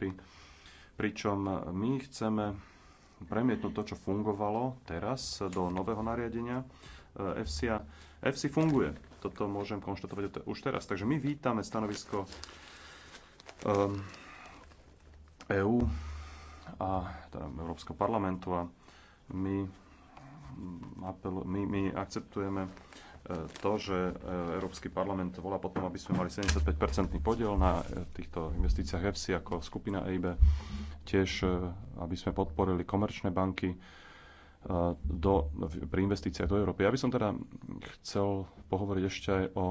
Európy. Pričom my chceme premietnúť to, čo fungovalo teraz do nového nariadenia EFSI. Eh, EFSI funguje. Toto môžem konštatovať už teraz. Takže my vítame stanovisko um, ehm, EÚ a teda Európskeho parlamentu a my, my, my akceptujeme E, to, že e, Európsky parlament volá potom, aby sme mali 75-percentný podiel na e, týchto investíciách EFSI ako skupina EIB, tiež aby sme podporili komerčné banky do, pri investíciách do Európy. Ja by som teda chcel pohovoriť ešte aj o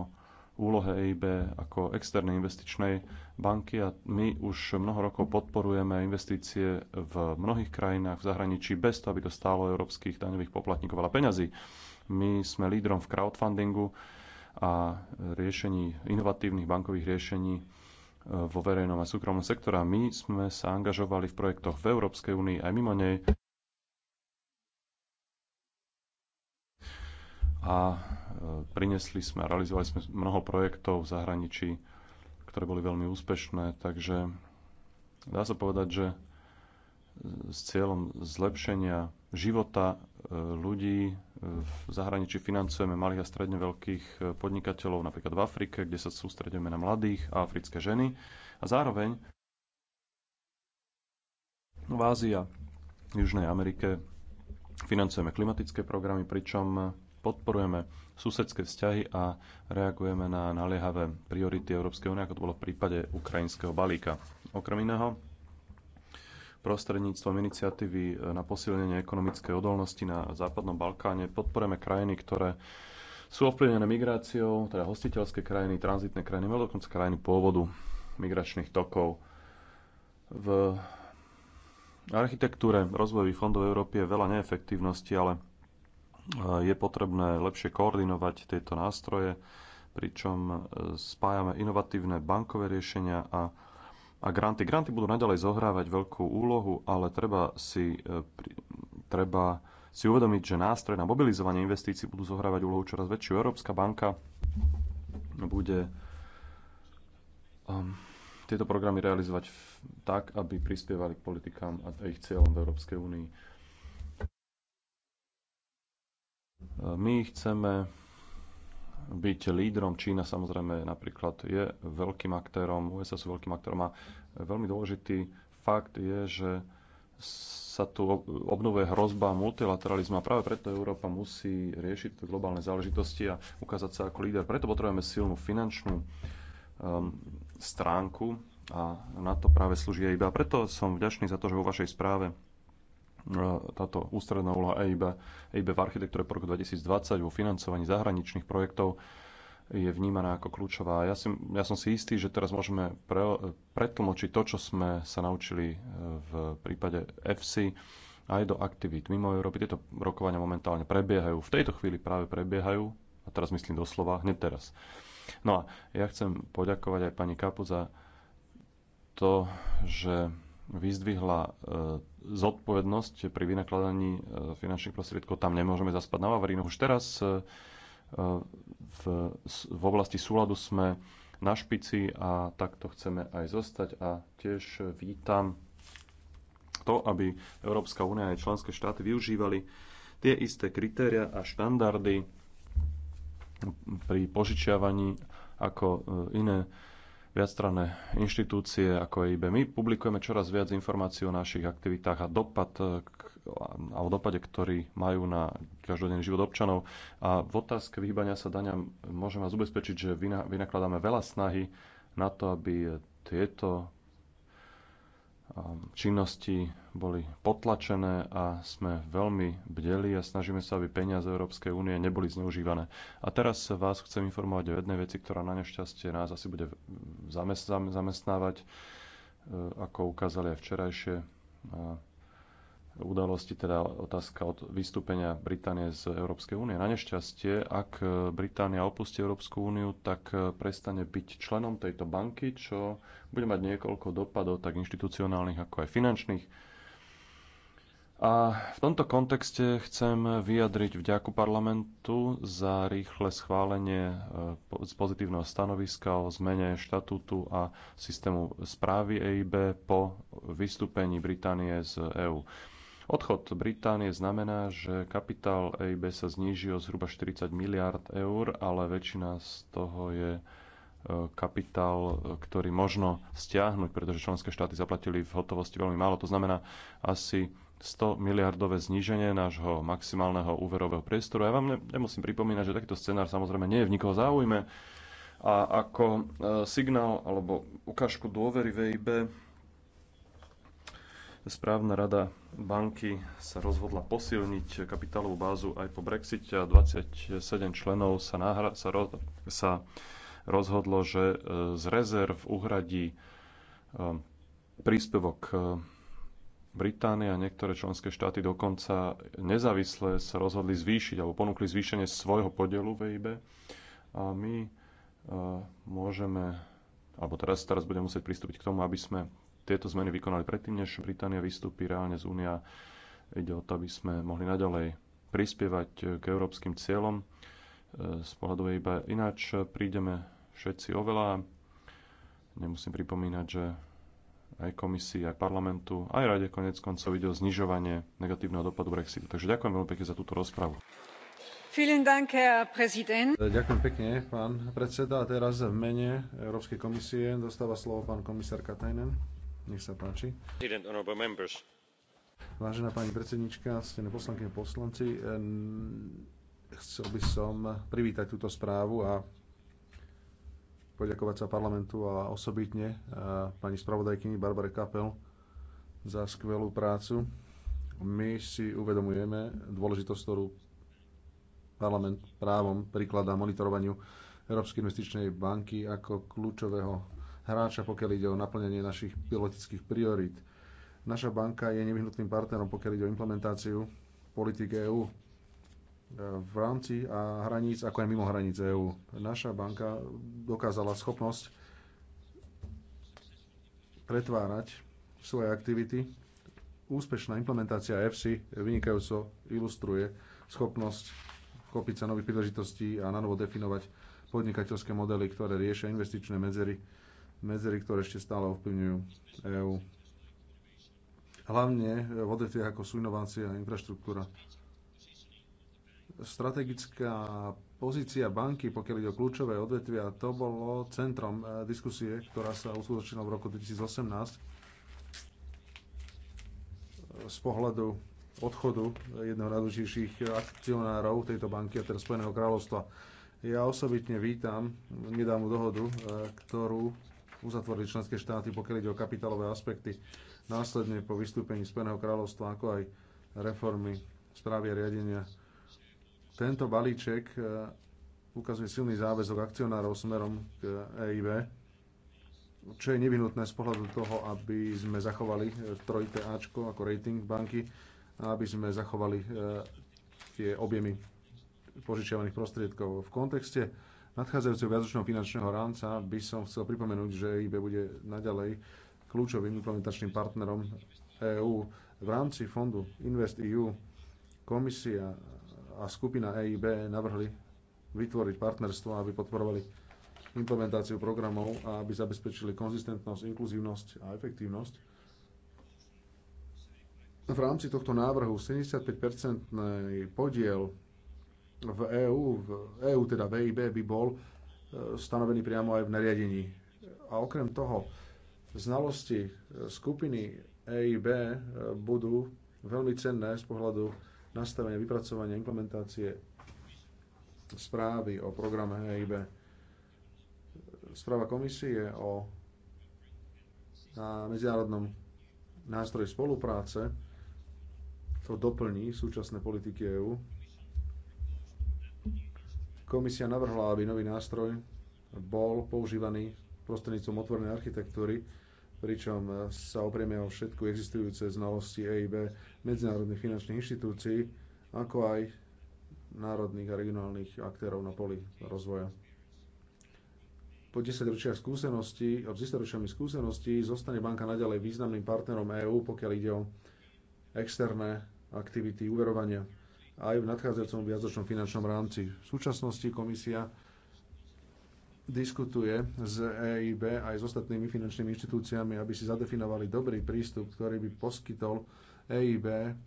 úlohe EIB ako externej investičnej banky a my už mnoho rokov podporujeme investície v mnohých krajinách v zahraničí bez toho, aby to stálo európskych daňových poplatníkov veľa peňazí. My sme lídrom v crowdfundingu a riešení, inovatívnych bankových riešení e, vo verejnom a súkromnom sektore. My sme sa angažovali v projektoch v Európskej únii aj mimo nej. A e, prinesli sme, a realizovali sme mnoho projektov v zahraničí, ktoré boli veľmi úspešné, takže dá sa povedať, že s cieľom zlepšenia života e, ľudí v zahraničí financujeme malých a stredne veľkých e, podnikateľov, napríklad v Afrike, kde sa sústredujeme na mladých a africké ženy. A zároveň v Ázii a Južnej Amerike financujeme klimatické programy, pričom podporujeme susedské vzťahy a reagujeme na naliehavé priority Európskej únie, ako to bolo v prípade ukrajinského balíka. Okrem iného, prostredníctvom iniciatívy e, na posilnenie ekonomickej odolnosti na Západnom Balkáne podporujeme krajiny, ktoré sú ovplyvnené migráciou, teda hostiteľské krajiny, tranzitné krajiny, alebo dokonca krajiny pôvodu migračných tokov. V architektúre rozvojových fondov Európy je veľa neefektívnosti, ale e, je potrebné lepšie koordinovať tieto nástroje, pričom e, spájame inovatívne bankové riešenia a a granty. Granty budú naďalej zohrávať veľkú úlohu, ale treba si, e, treba si uvedomiť, že nástroj na mobilizovanie investícií budú zohrávať úlohu čoraz väčšiu. Európska banka bude um, tieto programy realizovať tak, aby prispievali k politikám a ich cieľom v Európskej únii. E, my chceme byť lídrom. Čína samozrejme napríklad je veľkým aktérom, USA sú veľkým aktérom a veľmi dôležitý fakt je, že sa tu obnovuje hrozba multilateralizmu a práve preto Európa musí riešiť globálne záležitosti a ukázať sa ako líder. Preto potrebujeme silnú finančnú um, stránku a na to práve slúži EIB. A preto som vďačný za to, že vo vašej správe E, táto ústredná úloha EIB, EIB v architektúre po roku 2020 vo financovaní zahraničných projektov je vnímaná ako kľúčová. Ja, si, ja som si istý, že teraz môžeme pre, pretlmočiť to, čo sme sa naučili e, v prípade FC aj do aktivít mimo Európy. Tieto rokovania momentálne prebiehajú. V tejto chvíli práve prebiehajú. A teraz myslím doslova, hneď teraz. No a ja chcem poďakovať aj pani Kapu za to, že vyzdvihla e, zodpovednosť pri vynakladaní e, finančných prostriedkov. Tam nemôžeme zaspať na Vavrínu. Už teraz e, v, v oblasti súladu sme na špici a takto chceme aj zostať. A tiež vítam to, aby Európska únia aj členské štáty využívali tie isté kritéria a štandardy pri požičiavaní ako iné viacstranné inštitúcie ako IB. My publikujeme čoraz viac informácií o našich aktivitách a dopad eh, a o dopade, ktorý majú na každodenný život občanov. A v otázke vyhýbania sa daňam môžem vás ubezpečiť, že vynakladáme veľa snahy na to, aby tieto eh, činnosti boli potlačené a sme veľmi bdeli a snažíme sa, aby peniaze Európskej únie neboli zneužívané. A teraz vás chcem informovať o jednej veci, ktorá na nešťastie nás asi bude zamestnávať, e, ako ukázali aj včerajšie e, udalosti, teda otázka od vystúpenia Británie z Európskej únie. Na nešťastie, ak e, Británia opustí Európsku úniu, tak prestane byť členom tejto banky, čo bude mať niekoľko dopadov, tak inštitucionálnych ako aj finančných. A v tomto kontexte chcem vyjadriť vďaku parlamentu za rýchle schválenie e, z pozitívneho stanoviska o zmene štatútu a systému správy EIB po vystúpení Británie z EÚ. Odchod Británie znamená, že kapitál EIB sa znížil o zhruba 40 miliard eur, ale väčšina z toho je e, kapitál, ktorý možno stiahnuť, pretože členské štáty zaplatili v hotovosti veľmi málo. To znamená asi 100 miliardové zníženie nášho maximálneho úverového priestoru. Ja vám ne, nemusím pripomínať, že takýto scenár samozrejme nie je v nikoho záujme. A ako e, signál alebo ukážku dôvery VIB správna rada banky sa rozhodla posilniť kapitálovú bázu aj po Brexite a 27 členov sa, náhra, sa, roz, sa rozhodlo, že e, z rezerv uhradí e, príspevok Británia a niektoré členské štáty dokonca nezávisle sa rozhodli zvýšiť alebo ponúkli zvýšenie svojho podielu EIB. A my uh, môžeme, alebo teraz, teraz budeme musieť pristúpiť k tomu, aby sme tieto zmeny vykonali predtým, než Británia vystúpi reálne z únia. Ide o to, aby sme mohli naďalej prispievať k európskym cieľom e, z pohľadu iba ináč prídeme všetci oveľa. Nemusím pripomínať, že aj komisii, aj parlamentu, aj rade konec koncov ide o znižovanie negatívneho dopadu Brexitu. Takže ďakujem veľmi pekne za túto rozpravu. E, ďakujem pekne, pán predseda. A teraz v mene Európskej komisie dostáva slovo pán komisár Katajnen. Nech sa páči. Vážená pani predsednička, ste poslanky poslanci, e, chcel by som privítať túto správu a poďakovať sa parlamentu a osobitne a e, pani spravodajkyni Barbare Kapel za skvelú prácu. My si uvedomujeme dôležitosť, ktorú parlament právom prikladá monitorovaniu Európskej investičnej banky ako kľúčového hráča, pokiaľ ide o naplnenie našich pilotických priorít. Naša banka je nevyhnutným partnerom, pokiaľ ide o implementáciu politik EÚ v rámci a hraníc, ako aj mimo hraníc EÚ. Naša banka dokázala schopnosť pretvárať svoje aktivity. Úspešná implementácia EFSI vynikajúco ilustruje schopnosť chopiť sa nových príležitostí a nanovo definovať podnikateľské modely, ktoré riešia investičné medzery, medzery, ktoré ešte stále ovplyvňujú EÚ. Hlavne v odvetviach ako sú inovácie a infraštruktúra strategická pozícia banky, pokiaľ ide o kľúčové odvetvia, to bolo centrom eh, diskusie, ktorá sa uskutočnila v roku 2018 eh, z pohľadu odchodu jedného najdôležitejších akcionárov tejto banky a teda Spojeného kráľovstva. Ja osobitne vítam nedávnu dohodu, eh, ktorú uzatvorili členské štáty, pokiaľ ide o kapitálové aspekty následne po vystúpení Spojeného kráľovstva, ako aj reformy správy a riadenia tento balíček e, ukazuje silný záväzok akcionárov smerom k EIB, čo je nevyhnutné z pohľadu toho, aby sme zachovali e, trojité Ačko ako rating banky a aby sme zachovali e, tie objemy požičiavaných prostriedkov. V kontexte nadchádzajúceho viacročného finančného rámca by som chcel pripomenúť, že EIB bude naďalej kľúčovým implementačným partnerom EÚ. V rámci fondu Invest EU komisia a skupina EIB navrhli vytvoriť partnerstvo, aby podporovali implementáciu programov a aby zabezpečili konzistentnosť, inkluzívnosť a efektívnosť. V rámci tohto návrhu 75-percentný podiel v EÚ, v EÚ teda v EIB by bol e, stanovený priamo aj v nariadení. A okrem toho, znalosti e, skupiny EIB e, budú veľmi cenné z pohľadu nastavenie vypracovania, implementácie správy o programe EIB. Správa komisie o medzinárodnom nástroji spolupráce to doplní súčasné politiky EÚ. Komisia navrhla, aby nový nástroj bol používaný prostredníctvom otvorenej architektúry pričom sa oprieme o všetku existujúce znalosti EIB medzinárodných finančných inštitúcií, ako aj národných a regionálnych aktérov na poli rozvoja. Po 10 ročiach skúseností, s zistoročiami skúseností zostane banka naďalej významným partnerom EÚ, pokiaľ ide o externé aktivity úverovania aj v nadchádzajúcom viacročnom finančnom rámci. V súčasnosti komisia diskutuje s EIB aj s ostatnými finančnými inštitúciami, aby si zadefinovali dobrý prístup, ktorý by poskytol EIB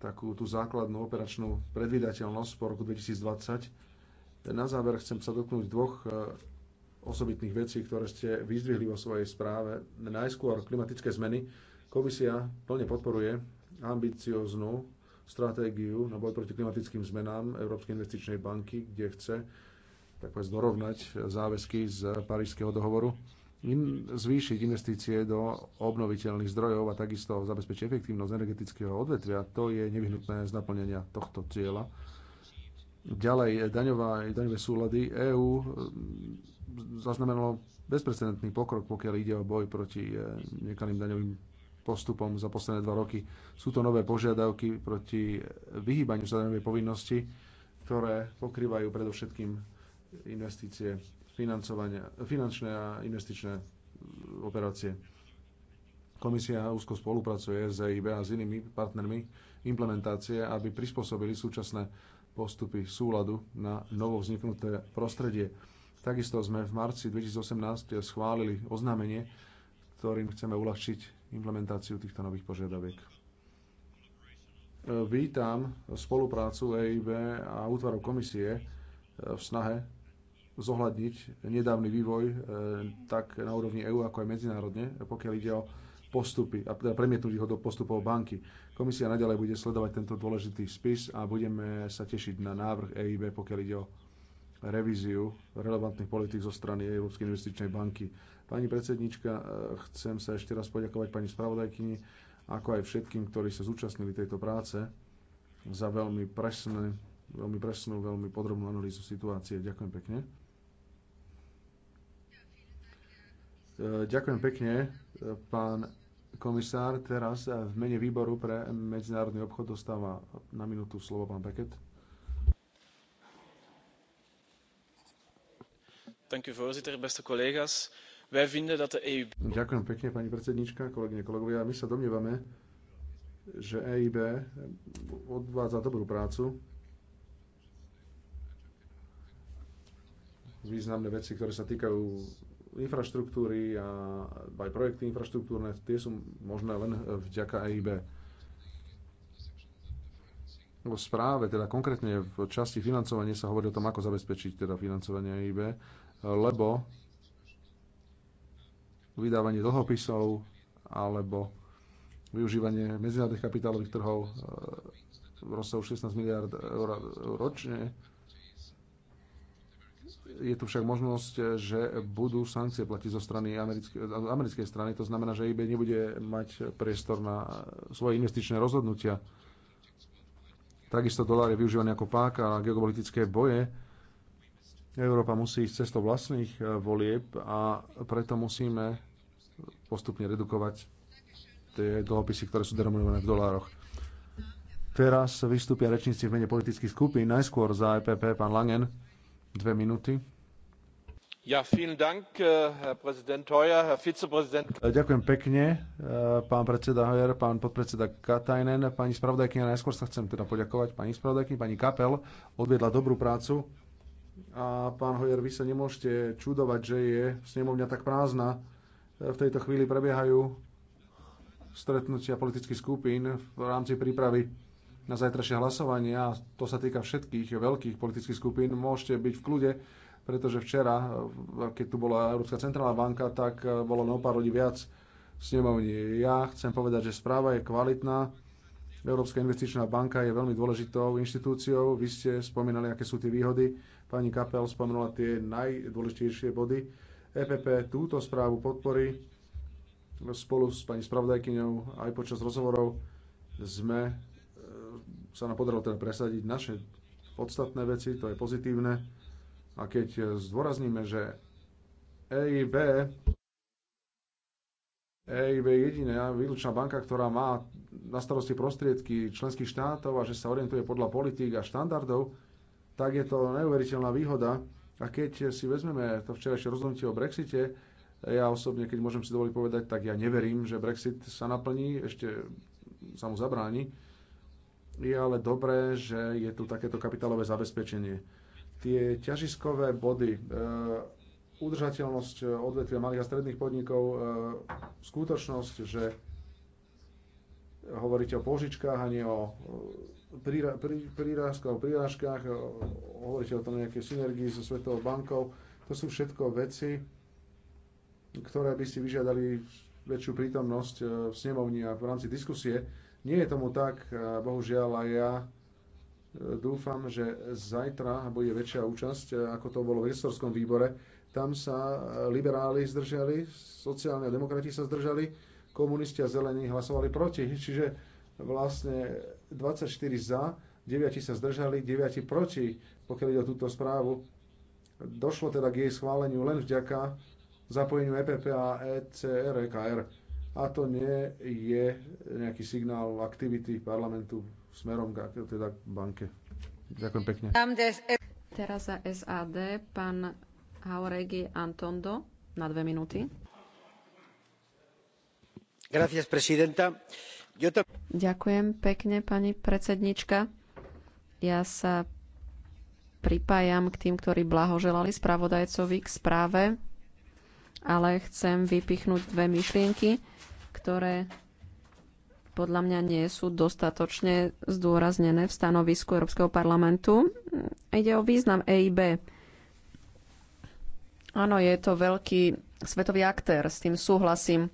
takú tú základnú operačnú predvydateľnosť po roku 2020. Na záver chcem sa dotknúť dvoch e, osobitných vecí, ktoré ste vyzdvihli vo svojej správe. Najskôr klimatické zmeny. Komisia plne podporuje ambicióznu stratégiu na boj proti klimatickým zmenám Európskej investičnej banky, kde chce tak povedz, dorovnať záväzky z Parížského dohovoru, in, zvýšiť investície do obnoviteľných zdrojov a takisto zabezpečiť efektívnosť energetického odvetvia, to je nevyhnutné z naplnenia tohto cieľa. Ďalej, daňová, daňové súlady EÚ e, zaznamenalo bezprecedentný pokrok, pokiaľ ide o boj proti e, nekalým daňovým postupom za posledné dva roky. Sú to nové požiadavky proti vyhýbaniu sa daňovej povinnosti, ktoré pokrývajú predovšetkým investície, finančné a investičné operácie. Komisia úzko spolupracuje s EIB a s inými partnermi implementácie, aby prispôsobili súčasné postupy súladu na novo vzniknuté prostredie. Takisto sme v marci 2018 schválili oznámenie, ktorým chceme uľahčiť implementáciu týchto nových požiadaviek. Vítam spoluprácu EIB a útvarov komisie v snahe zohľadniť nedávny vývoj e, tak na úrovni EÚ, ako aj medzinárodne, pokiaľ ide o postupy a teda premietnúť ho do postupov banky. Komisia naďalej bude sledovať tento dôležitý spis a budeme sa tešiť na návrh EIB, pokiaľ ide o revíziu relevantných politik zo strany Európskej investičnej banky. Pani predsednička, e, chcem sa ešte raz poďakovať pani spravodajkyni, ako aj všetkým, ktorí sa zúčastnili tejto práce za veľmi presné, veľmi presnú, veľmi podrobnú analýzu situácie. Ďakujem pekne. Eh, ďakujem pekne, eh, pán komisár. Teraz eh, v mene výboru pre medzinárodný obchod dostáva na minútu slovo pán Beckett. voorzitter, beste collega's. Wij vinden dat de e Ďakujem pekne, pani predsednička, kolegyne, kolegovia. My sa domnievame, že EIB odvádza dobrú prácu. Významné veci, ktoré sa týkajú infraštruktúry a aj projekty infraštruktúrne, tie sú možné len vďaka EIB. V správe, teda konkrétne v časti financovania sa hovorí o tom, ako zabezpečiť teda financovanie EIB, lebo vydávanie dlhopisov alebo využívanie medzinárodných kapitálových trhov e, v rozsahu 16 miliard eur ročne je tu však možnosť, že budú sankcie platiť zo strany americké, americkej strany. To znamená, že eBay nebude mať priestor na svoje investičné rozhodnutia. Takisto dolár je využívaný ako páka a geopolitické boje. Európa musí ísť cestou vlastných eh, volieb a preto musíme postupne redukovať tie dlhopisy, ktoré sú denominované v dolároch. Teraz vystúpia rečníci v mene politických skupín. Najskôr za EPP pán Langen. Dve minúty. Ja, Dank, äh, Heuer, e, Ďakujem pekne, e, pán predseda Hoyer, pán podpredseda Katajnen. Pani spravodajkyňa, najskôr sa chcem teda poďakovať pani spravodajkyni, pani Kapel, odviedla dobrú prácu. A pán Hoyer, vy sa nemôžete čudovať, že je snemovňa tak prázdna. E, v tejto chvíli prebiehajú stretnutia politických skupín v rámci prípravy na zajtrašie hlasovanie a to sa týka všetkých veľkých politických skupín, môžete byť v kľude, pretože včera, eh, keď tu bola Európska centrálna banka, tak eh, bolo na pár ľudí viac snemovni. Ja chcem povedať, že správa je kvalitná. Európska investičná banka je veľmi dôležitou inštitúciou. Vy ste spomínali, aké sú tie výhody. Pani Kapel spomenula tie najdôležitejšie body. EPP túto správu podporí spolu s pani spravodajkyňou aj počas rozhovorov sme sa nám podarilo teda presadiť naše podstatné veci, to je pozitívne. A keď zdôrazníme, že EIB, EIB je jediná výlučná banka, ktorá má na starosti prostriedky členských štátov a že sa orientuje podľa politík a štandardov, tak je to neuveriteľná výhoda. A keď si vezmeme to včerajšie rozhodnutie o Brexite, ja osobne, keď môžem si dovoliť povedať, tak ja neverím, že Brexit sa naplní, ešte sa mu zabráni je ale dobré, že je tu takéto kapitálové zabezpečenie. Tie ťažiskové body, e, udržateľnosť e, odvetvia malých a stredných podnikov, e, skutočnosť, že hovoríte o požičkách a nie o prírážkach, prí, prí, hovoríte o tom nejaké synergii so Svetovou bankou. To sú všetko veci, ktoré by si vyžiadali väčšiu prítomnosť v snemovni a v rámci diskusie nie je tomu tak, bohužiaľ aj ja e, dúfam, že zajtra bude väčšia účasť, e, ako to bolo v gestorskom výbore. Tam sa e, liberáli zdržali, sociálne demokrati sa zdržali, komunisti a zelení hlasovali proti. Čiže vlastne 24 za, 9 sa zdržali, 9 proti, pokiaľ ide o túto správu. Došlo teda k jej schváleniu len vďaka zapojeniu EPP a ECR, EKR a to nie je nejaký signál aktivity parlamentu smerom k teda banke. Ďakujem pekne. Teraz za SAD pán Hauregi Antondo na dve minúty. Gracias, presidenta. To... Ďakujem pekne, pani predsednička. Ja sa pripájam k tým, ktorí blahoželali spravodajcovi k správe ale chcem vypichnúť dve myšlienky, ktoré podľa mňa nie sú dostatočne zdôraznené v stanovisku Európskeho parlamentu. Ide o význam EIB. Áno, je to veľký svetový aktér, s tým súhlasím.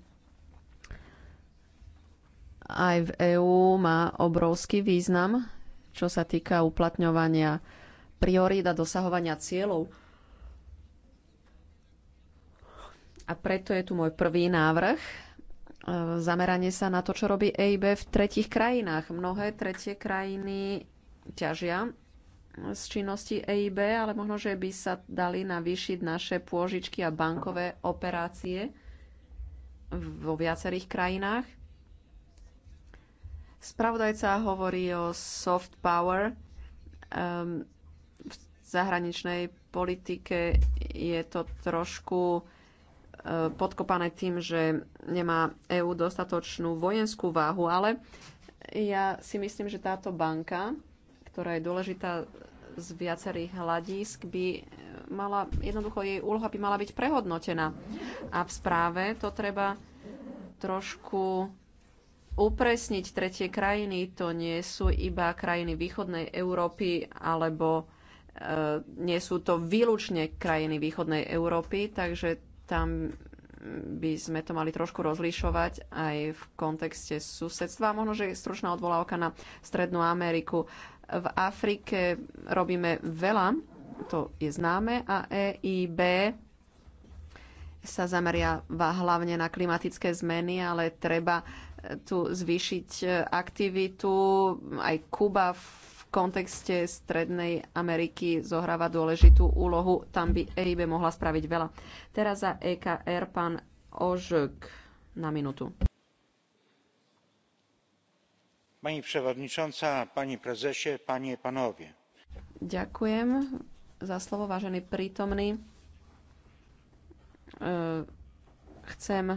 Aj v EÚ má obrovský význam, čo sa týka uplatňovania priorít a dosahovania cieľov. A preto je tu môj prvý návrh. E, zameranie sa na to, čo robí EIB v tretich krajinách. Mnohé tretie krajiny ťažia z činnosti EIB, ale možno, že by sa dali navýšiť naše pôžičky a bankové operácie vo viacerých krajinách. Spravodajca hovorí o soft power. Um, v zahraničnej politike je to trošku podkopané tým, že nemá EÚ dostatočnú vojenskú váhu, ale ja si myslím, že táto banka, ktorá je dôležitá z viacerých hľadísk, by mala, jednoducho jej úloha by mala byť prehodnotená. A v správe to treba trošku upresniť tretie krajiny. To nie sú iba krajiny východnej Európy alebo e, nie sú to výlučne krajiny východnej Európy, takže tam by sme to mali trošku rozlišovať aj v kontexte susedstva. Možno, že je stručná odvolávka na Strednú Ameriku. V Afrike robíme veľa, to je známe, a EIB sa zameriava hlavne na klimatické zmeny, ale treba tu zvýšiť aktivitu. Aj Kuba v kontexte Strednej Ameriky zohráva dôležitú úlohu. Tam by EIB mohla spraviť veľa. Teraz za EKR pán Ožek na minútu. Pani przewodnicząca, pani prezeše, pani panowie. Ďakujem za slovo, vážený prítomný. E, Chcem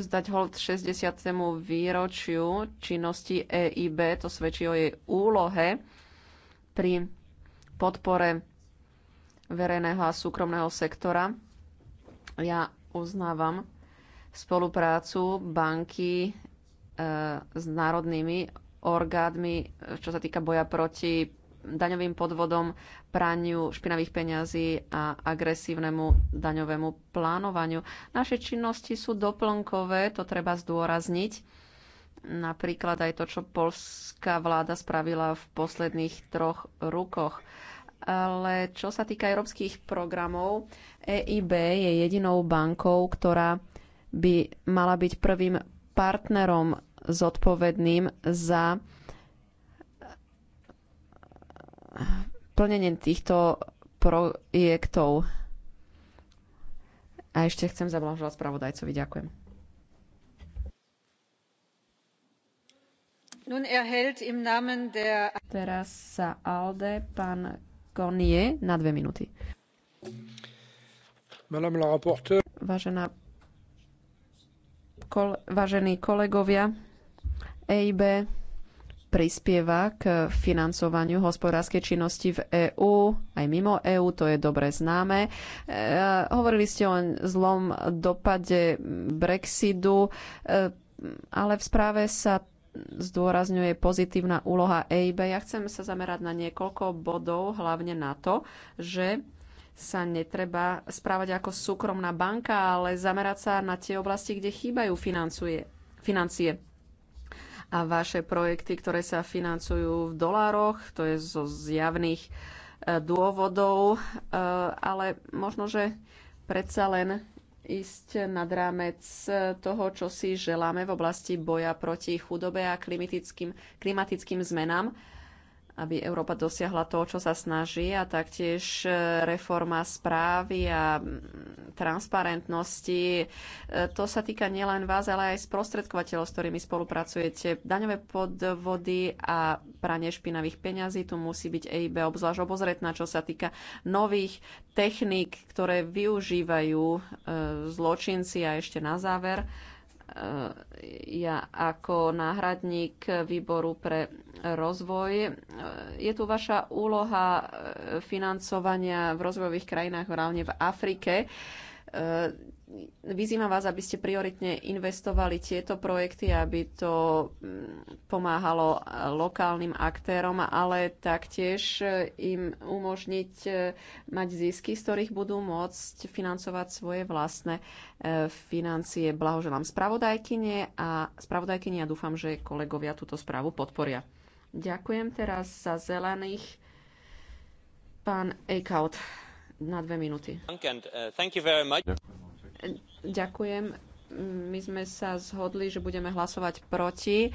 zdať hold 60. výročiu činnosti EIB. To svedčí o jej úlohe pri podpore verejného a súkromného sektora. Ja uznávam spoluprácu banky e, s národnými orgádmi, čo sa týka boja proti daňovým podvodom, praniu špinavých peňazí a agresívnemu daňovému plánovaniu. Naše činnosti sú doplnkové, to treba zdôrazniť. Napríklad aj to, čo polská vláda spravila v posledných troch rukoch. Ale čo sa týka európskych programov, EIB je jedinou bankou, ktorá by mala byť prvým partnerom zodpovedným za plnením týchto projektov. A ešte chcem zablahoželať spravodajcovi. Ďakujem. Nun im Namen der... Teraz sa Alde, pán Konie, na dve minúty. Vážená kol, vážení kolegovia, EIB prispieva k financovaniu hospodárskej činnosti v EÚ, aj mimo EÚ, to je dobre známe. E, hovorili ste o zlom dopade Brexitu, e, ale v správe sa zdôrazňuje pozitívna úloha EIB. Ja chcem sa zamerať na niekoľko bodov, hlavne na to, že sa netreba správať ako súkromná banka, ale zamerať sa na tie oblasti, kde chýbajú financie a vaše projekty, ktoré sa financujú v dolároch, to je zo zjavných e, dôvodov, e, ale možno, že predsa len ísť nad rámec toho, čo si želáme v oblasti boja proti chudobe a klimatickým, klimatickým zmenám aby Európa dosiahla to, čo sa snaží a taktiež e, reforma správy a transparentnosti. E, to sa týka nielen vás, ale aj sprostredkovateľov, s ktorými spolupracujete. Daňové podvody a pranie špinavých peňazí, tu musí byť EIB obzvlášť obozretná, čo sa týka nových techník, ktoré využívajú e, zločinci a ešte na záver E, ja ako náhradník výboru pre rozvoj. E, je tu vaša úloha e, financovania v rozvojových krajinách, hlavne v Afrike vyzývam vás, aby ste prioritne investovali tieto projekty, aby to mm, pomáhalo lokálnym aktérom, ale taktiež e, im umožniť e, mať zisky, z ktorých budú môcť financovať svoje vlastné e, financie. Blahoželám spravodajkyne a spravodajkyne ja dúfam, že kolegovia túto správu podporia. Ďakujem teraz za zelených. Pán Eichhout na dve minúty. Ďakujem. My sme sa zhodli, že budeme hlasovať proti e,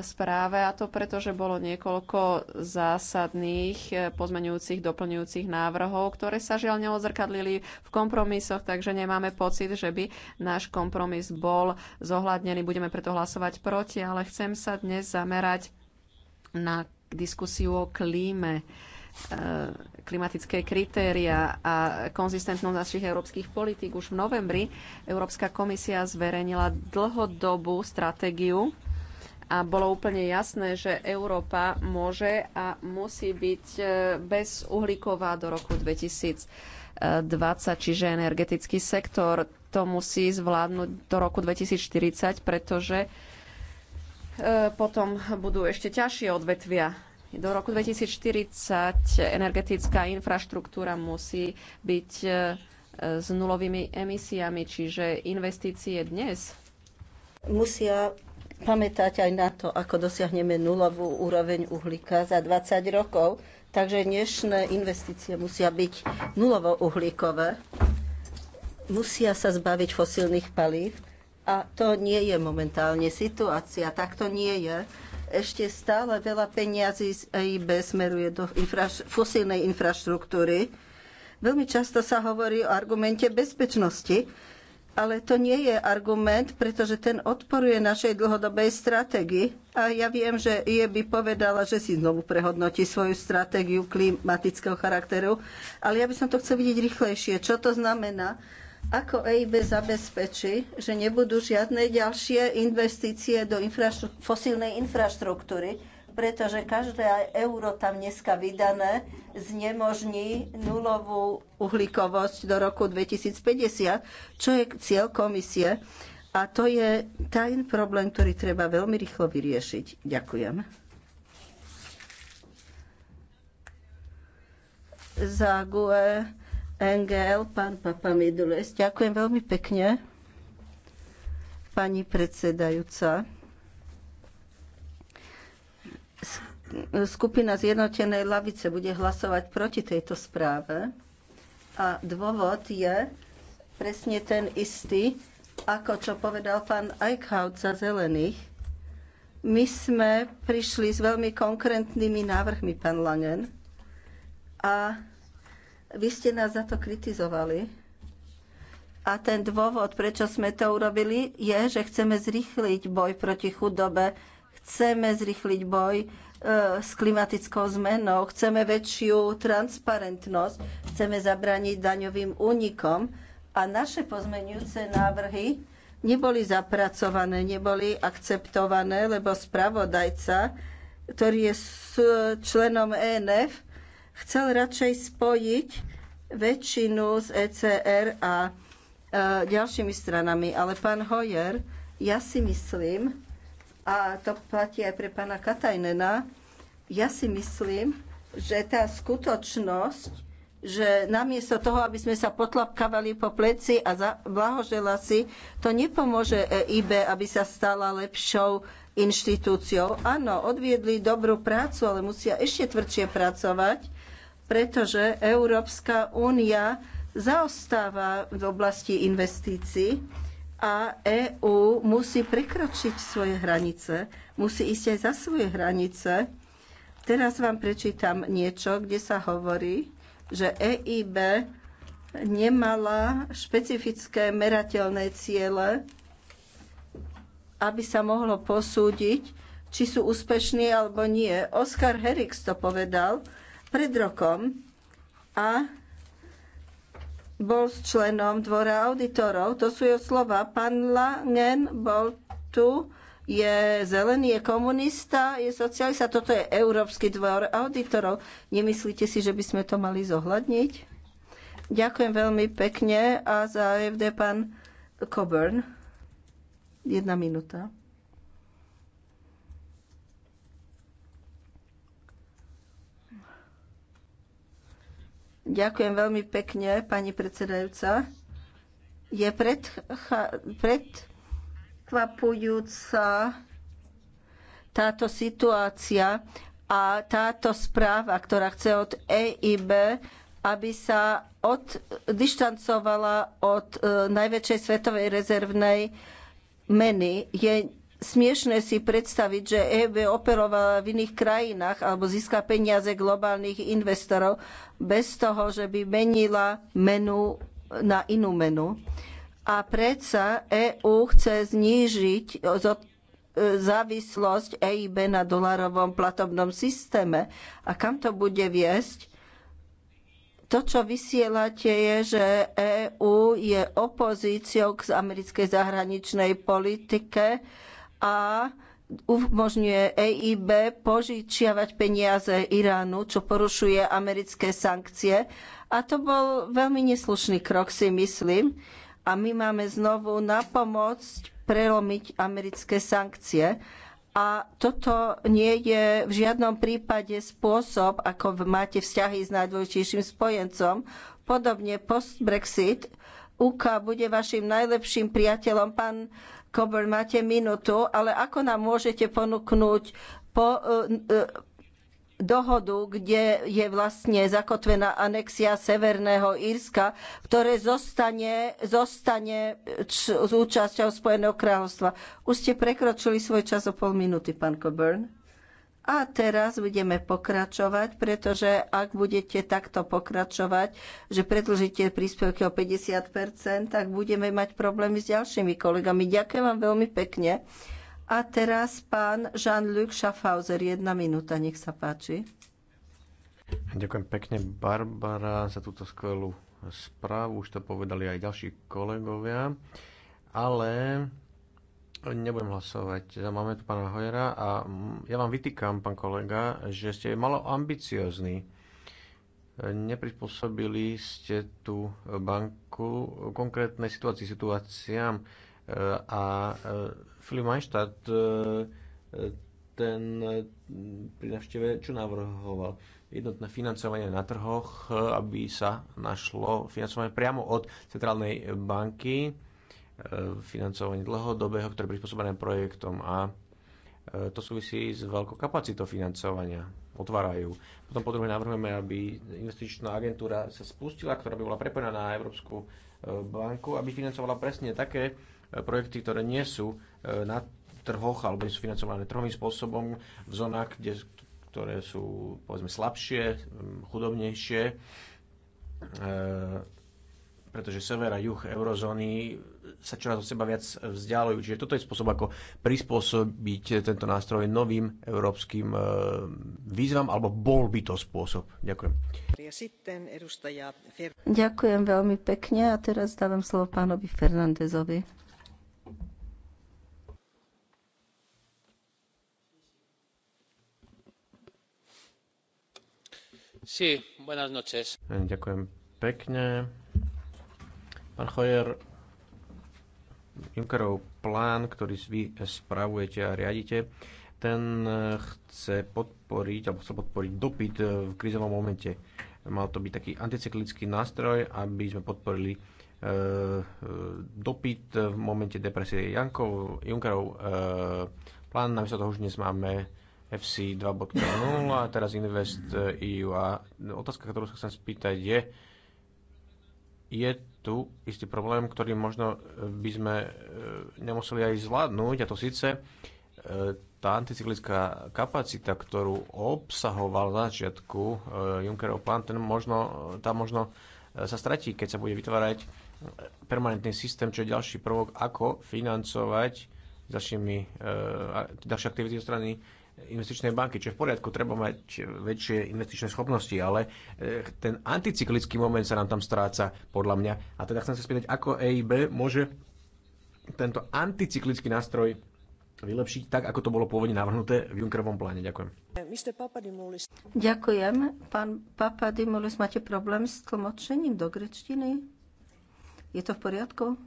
správe a to preto, že bolo niekoľko zásadných e, pozmeňujúcich, doplňujúcich návrhov, ktoré sa žiaľ neozrkadlili v kompromisoch, takže nemáme pocit, že by náš kompromis bol zohľadnený. Budeme preto hlasovať proti, ale chcem sa dnes zamerať na diskusiu o klíme. E, klimatické kritéria a konzistentnosť našich európskych politík. Už v novembri Európska komisia zverejnila dlhodobú stratégiu a bolo úplne jasné, že Európa môže a musí byť e, bezuhlíková do roku 2020, čiže energetický sektor to musí zvládnuť do roku 2040, pretože e, potom budú ešte ťažšie odvetvia do roku 2040 energetická infraštruktúra musí byť e, s nulovými emisiami, čiže investície dnes musia pamätať aj na to, ako dosiahneme nulovú úroveň uhlíka za 20 rokov. Takže dnešné investície musia byť nulovo-uhlíkové, musia sa zbaviť fosílnych palív a to nie je momentálne situácia. Tak to nie je. Ešte stále veľa peniazí z EIB smeruje do infraš- fosílnej infraštruktúry. Veľmi často sa hovorí o argumente bezpečnosti, ale to nie je argument, pretože ten odporuje našej dlhodobej stratégii. A ja viem, že je by povedala, že si znovu prehodnotí svoju stratégiu klimatického charakteru, ale ja by som to chcel vidieť rýchlejšie. Čo to znamená? Ako EIB zabezpečí, že nebudú žiadne ďalšie investície do infraštru- fosílnej infraštruktúry, pretože každé euro tam dneska vydané znemožní nulovú uhlíkovosť do roku 2050, čo je cieľ komisie. A to je tajný problém, ktorý treba veľmi rýchlo vyriešiť. Ďakujem. Za GUE Engel, pán Midules, Ďakujem veľmi pekne, pani predsedajúca. Skupina Zjednotenej lavice bude hlasovať proti tejto správe a dôvod je presne ten istý, ako čo povedal pán Eichhout za zelených. My sme prišli s veľmi konkrétnymi návrhmi, pán Langen, a vy ste nás za to kritizovali. A ten dôvod, prečo sme to urobili, je, že chceme zrýchliť boj proti chudobe, chceme zrýchliť boj e, s klimatickou zmenou, chceme väčšiu transparentnosť, chceme zabraniť daňovým únikom a naše pozmenujúce návrhy neboli zapracované, neboli akceptované, lebo spravodajca, ktorý je členom ENF, chcel radšej spojiť väčšinu z ECR a e, ďalšími stranami. Ale pán Hoyer, ja si myslím, a to platí aj pre pána Katajnena, ja si myslím, že tá skutočnosť, že namiesto toho, aby sme sa potlapkávali po pleci a za, blahožela si, to nepomôže EIB, aby sa stala lepšou inštitúciou. Áno, odviedli dobrú prácu, ale musia ešte tvrdšie pracovať pretože Európska únia zaostáva v oblasti investícií a EÚ musí prekročiť svoje hranice, musí ísť aj za svoje hranice. Teraz vám prečítam niečo, kde sa hovorí, že EIB nemala špecifické merateľné ciele, aby sa mohlo posúdiť, či sú úspešní alebo nie. Oscar Herix to povedal, pred rokom a bol s členom dvora auditorov. To sú jeho slova. Pán Langen bol tu, je zelený, je komunista, je socialista. Toto je Európsky dvor auditorov. Nemyslíte si, že by sme to mali zohľadniť? Ďakujem veľmi pekne a za AFD pán Coburn. Jedna minúta. Ďakujem veľmi pekne, pani predsedajúca. Je predkvapujúca táto situácia a táto správa, ktorá chce od EIB, aby sa od, dištancovala od e, najväčšej svetovej rezervnej meny, je smiešne si predstaviť, že EB operovala v iných krajinách alebo získa peniaze globálnych investorov bez toho, že by menila menu na inú menu. A predsa EÚ chce znížiť závislosť EIB na dolarovom platobnom systéme. A kam to bude viesť? To, čo vysielate, je, že EÚ je opozíciou k americkej zahraničnej politike, a umožňuje EIB požičiavať peniaze Iránu, čo porušuje americké sankcie. A to bol veľmi neslušný krok, si myslím. A my máme znovu na pomoc prelomiť americké sankcie. A toto nie je v žiadnom prípade spôsob, ako máte vzťahy s najdôležitejším spojencom. Podobne post-Brexit UK bude vašim najlepším priateľom. Pán Coburn, máte minútu, ale ako nám môžete ponúknuť po, e, e, dohodu, kde je vlastne zakotvená anexia Severného Írska, ktoré zostane, zostane súčasťou Spojeného kráľovstva. Už ste prekročili svoj čas o pol minúty, pán Coburn. A teraz budeme pokračovať, pretože ak budete takto pokračovať, že predlžíte príspevky o 50%, tak budeme mať problémy s ďalšími kolegami. Ďakujem vám veľmi pekne. A teraz pán Jean-Luc Schaffhauser, jedna minúta, nech sa páči. Ďakujem pekne Barbara za túto skvelú správu, už to povedali aj ďalší kolegovia, ale Nebudem hlasovať. Máme tu pána Hojera a ja vám vytýkam, pán kolega, že ste malo ambiciozní. Neprispôsobili ste tú banku konkrétnej situácii, situáciám eh, a Filip eh, Majštát eh, ten pri navšteve čo navrhoval? Jednotné financovanie na trhoch, aby sa našlo financovanie priamo od centrálnej banky E, financovanie dlhodobého, ktoré je prispôsobené projektom a e, to súvisí s veľkou kapacitou financovania. Otvárajú. Potom po druhé navrhujeme, aby investičná agentúra sa spustila, ktorá by bola prepojená na Európsku e, banku, aby financovala presne také projekty, ktoré nie sú na trhoch alebo nie sú financované trhovým spôsobom v zónach, kde, ktoré sú povedzme slabšie, chudobnejšie pretože sever a juh eurozóny sa čoraz od seba viac vzdialujú. Čiže toto je spôsob, ako prispôsobiť tento nástroj novým európskym e, výzvam, alebo bol by to spôsob. Ďakujem. Ďakujem veľmi pekne a teraz dávam slovo pánovi Fernandezovi. Sí, buenas noches. Ďakujem pekne. Pán Chojer, Junckerov plán, ktorý vy spravujete a riadite, ten chce podporiť, alebo chce podporiť dopyt v krizovom momente. Mal to byť taký anticyklický nástroj, aby sme podporili e, e, dopyt v momente depresie. Jankov, Junckerov e, plán, namiesto toho už dnes máme FC 2.0 a teraz Invest EU. A otázka, ktorú sa chcem spýtať je, je tu istý problém, ktorý možno e, by sme e, nemuseli aj zvládnuť, a to síce e, tá anticyklická kapacita, ktorú obsahoval na začiatku Junckerov plán, ten možno, tá možno sa stratí, keď sa bude vytvárať permanentný systém, čo je ďalší prvok, ako financovať ďalšími, ďalšie aktivity zo strany investičnej banky, čo je v poriadku, treba mať väčšie investičné schopnosti, ale eh, ten anticyklický moment sa nám tam stráca, podľa mňa. A teda chcem sa spýtať, ako EIB môže tento anticyklický nástroj vylepšiť tak, ako to bolo pôvodne navrhnuté v Junckerovom pláne. Ďakujem. Ďakujem. Pán Papadimulis, máte problém s tlmočením do grečtiny? Je to v poriadku?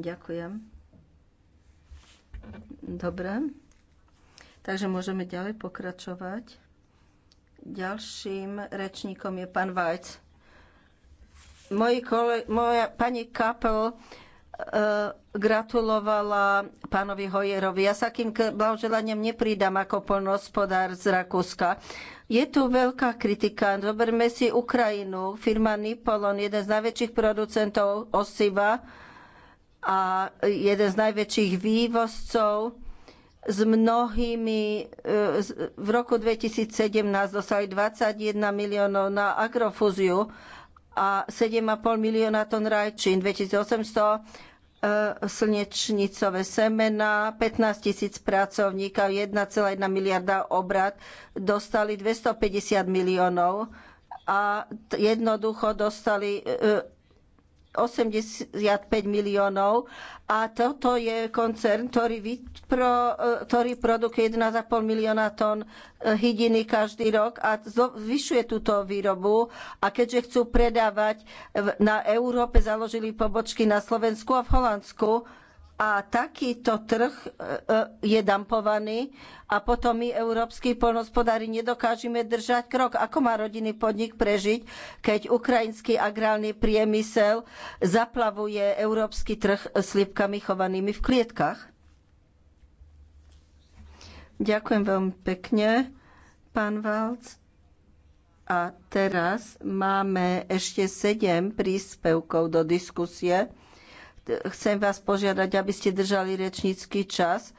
Ďakujem. Dobre. Takže môžeme ďalej pokračovať. Ďalším rečníkom je pán Vajc. Moji kole, moja pani Kapel e, gratulovala pánovi Hojerovi. Ja sa kým k blahoželaniam nepridám ako polnospodár z Rakúska. Je tu veľká kritika. Zoberme si Ukrajinu. Firma Nipolon, jeden z najväčších producentov osiva, a jeden z najväčších vývozcov s mnohými e, v roku 2017 dostali 21 miliónov na agrofúziu a 7,5 milióna tón rajčín, 2800 e, slnečnicové semena, 15 tisíc pracovníkov, 1,1 miliarda obrad, dostali 250 miliónov a jednoducho dostali e, 85 miliónov a toto je koncern, ktorý, vypro, e, ktorý produkuje 1,5 milióna tón e, hydiny každý rok a zvyšuje túto výrobu a keďže chcú predávať na Európe, založili pobočky na Slovensku a v Holandsku a takýto trh e, e, je dampovaný a potom my, európsky polnospodári, nedokážeme držať krok. Ako má rodinný podnik prežiť, keď ukrajinský agrálny priemysel zaplavuje európsky trh slípkami chovanými v klietkach? Ďakujem veľmi pekne, pán Valc. A teraz máme ešte sedem príspevkov do diskusie chcem vás požiadať, aby ste držali rečnícky čas.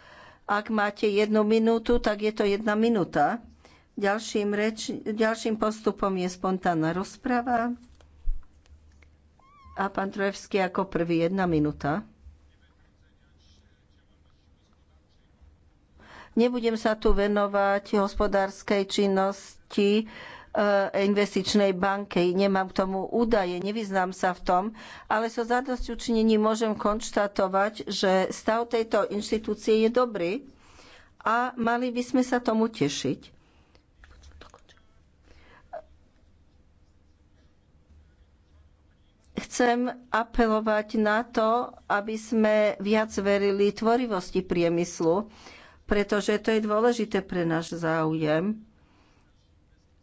Ak máte jednu minútu, tak je to jedna minúta. Ďalším, reč, ďalším postupom je spontánna rozprava. A pán Trojevský ako prvý, jedna minúta. Nebudem sa tu venovať hospodárskej činnosti, Eh, investičnej banke. Nemám k tomu údaje, nevyznám sa v tom, ale so zadosť učinení môžem konštatovať, že stav tejto inštitúcie je dobrý a mali by sme sa tomu tešiť. Chcem apelovať na to, aby sme viac verili tvorivosti priemyslu, pretože to je dôležité pre náš záujem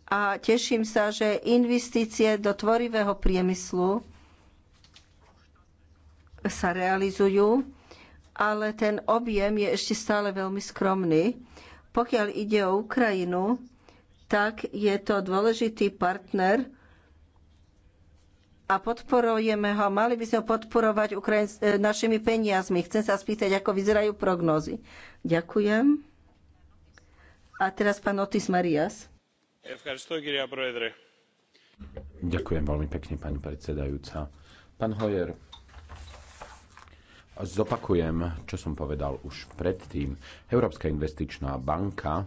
a teším sa, že investície do tvorivého priemyslu sa realizujú, ale ten objem je ešte stále veľmi skromný. Pokiaľ ide o Ukrajinu, tak je to dôležitý partner a podporujeme ho. Mali by sme ho podporovať e, našimi peniazmi. Chcem sa spýtať, ako vyzerajú prognózy. Ďakujem. A teraz pán Otis Marias. Ďakujem veľmi pekne, pani predsedajúca. Pán hoyer zopakujem, čo som povedal už predtým. Európska investičná banka,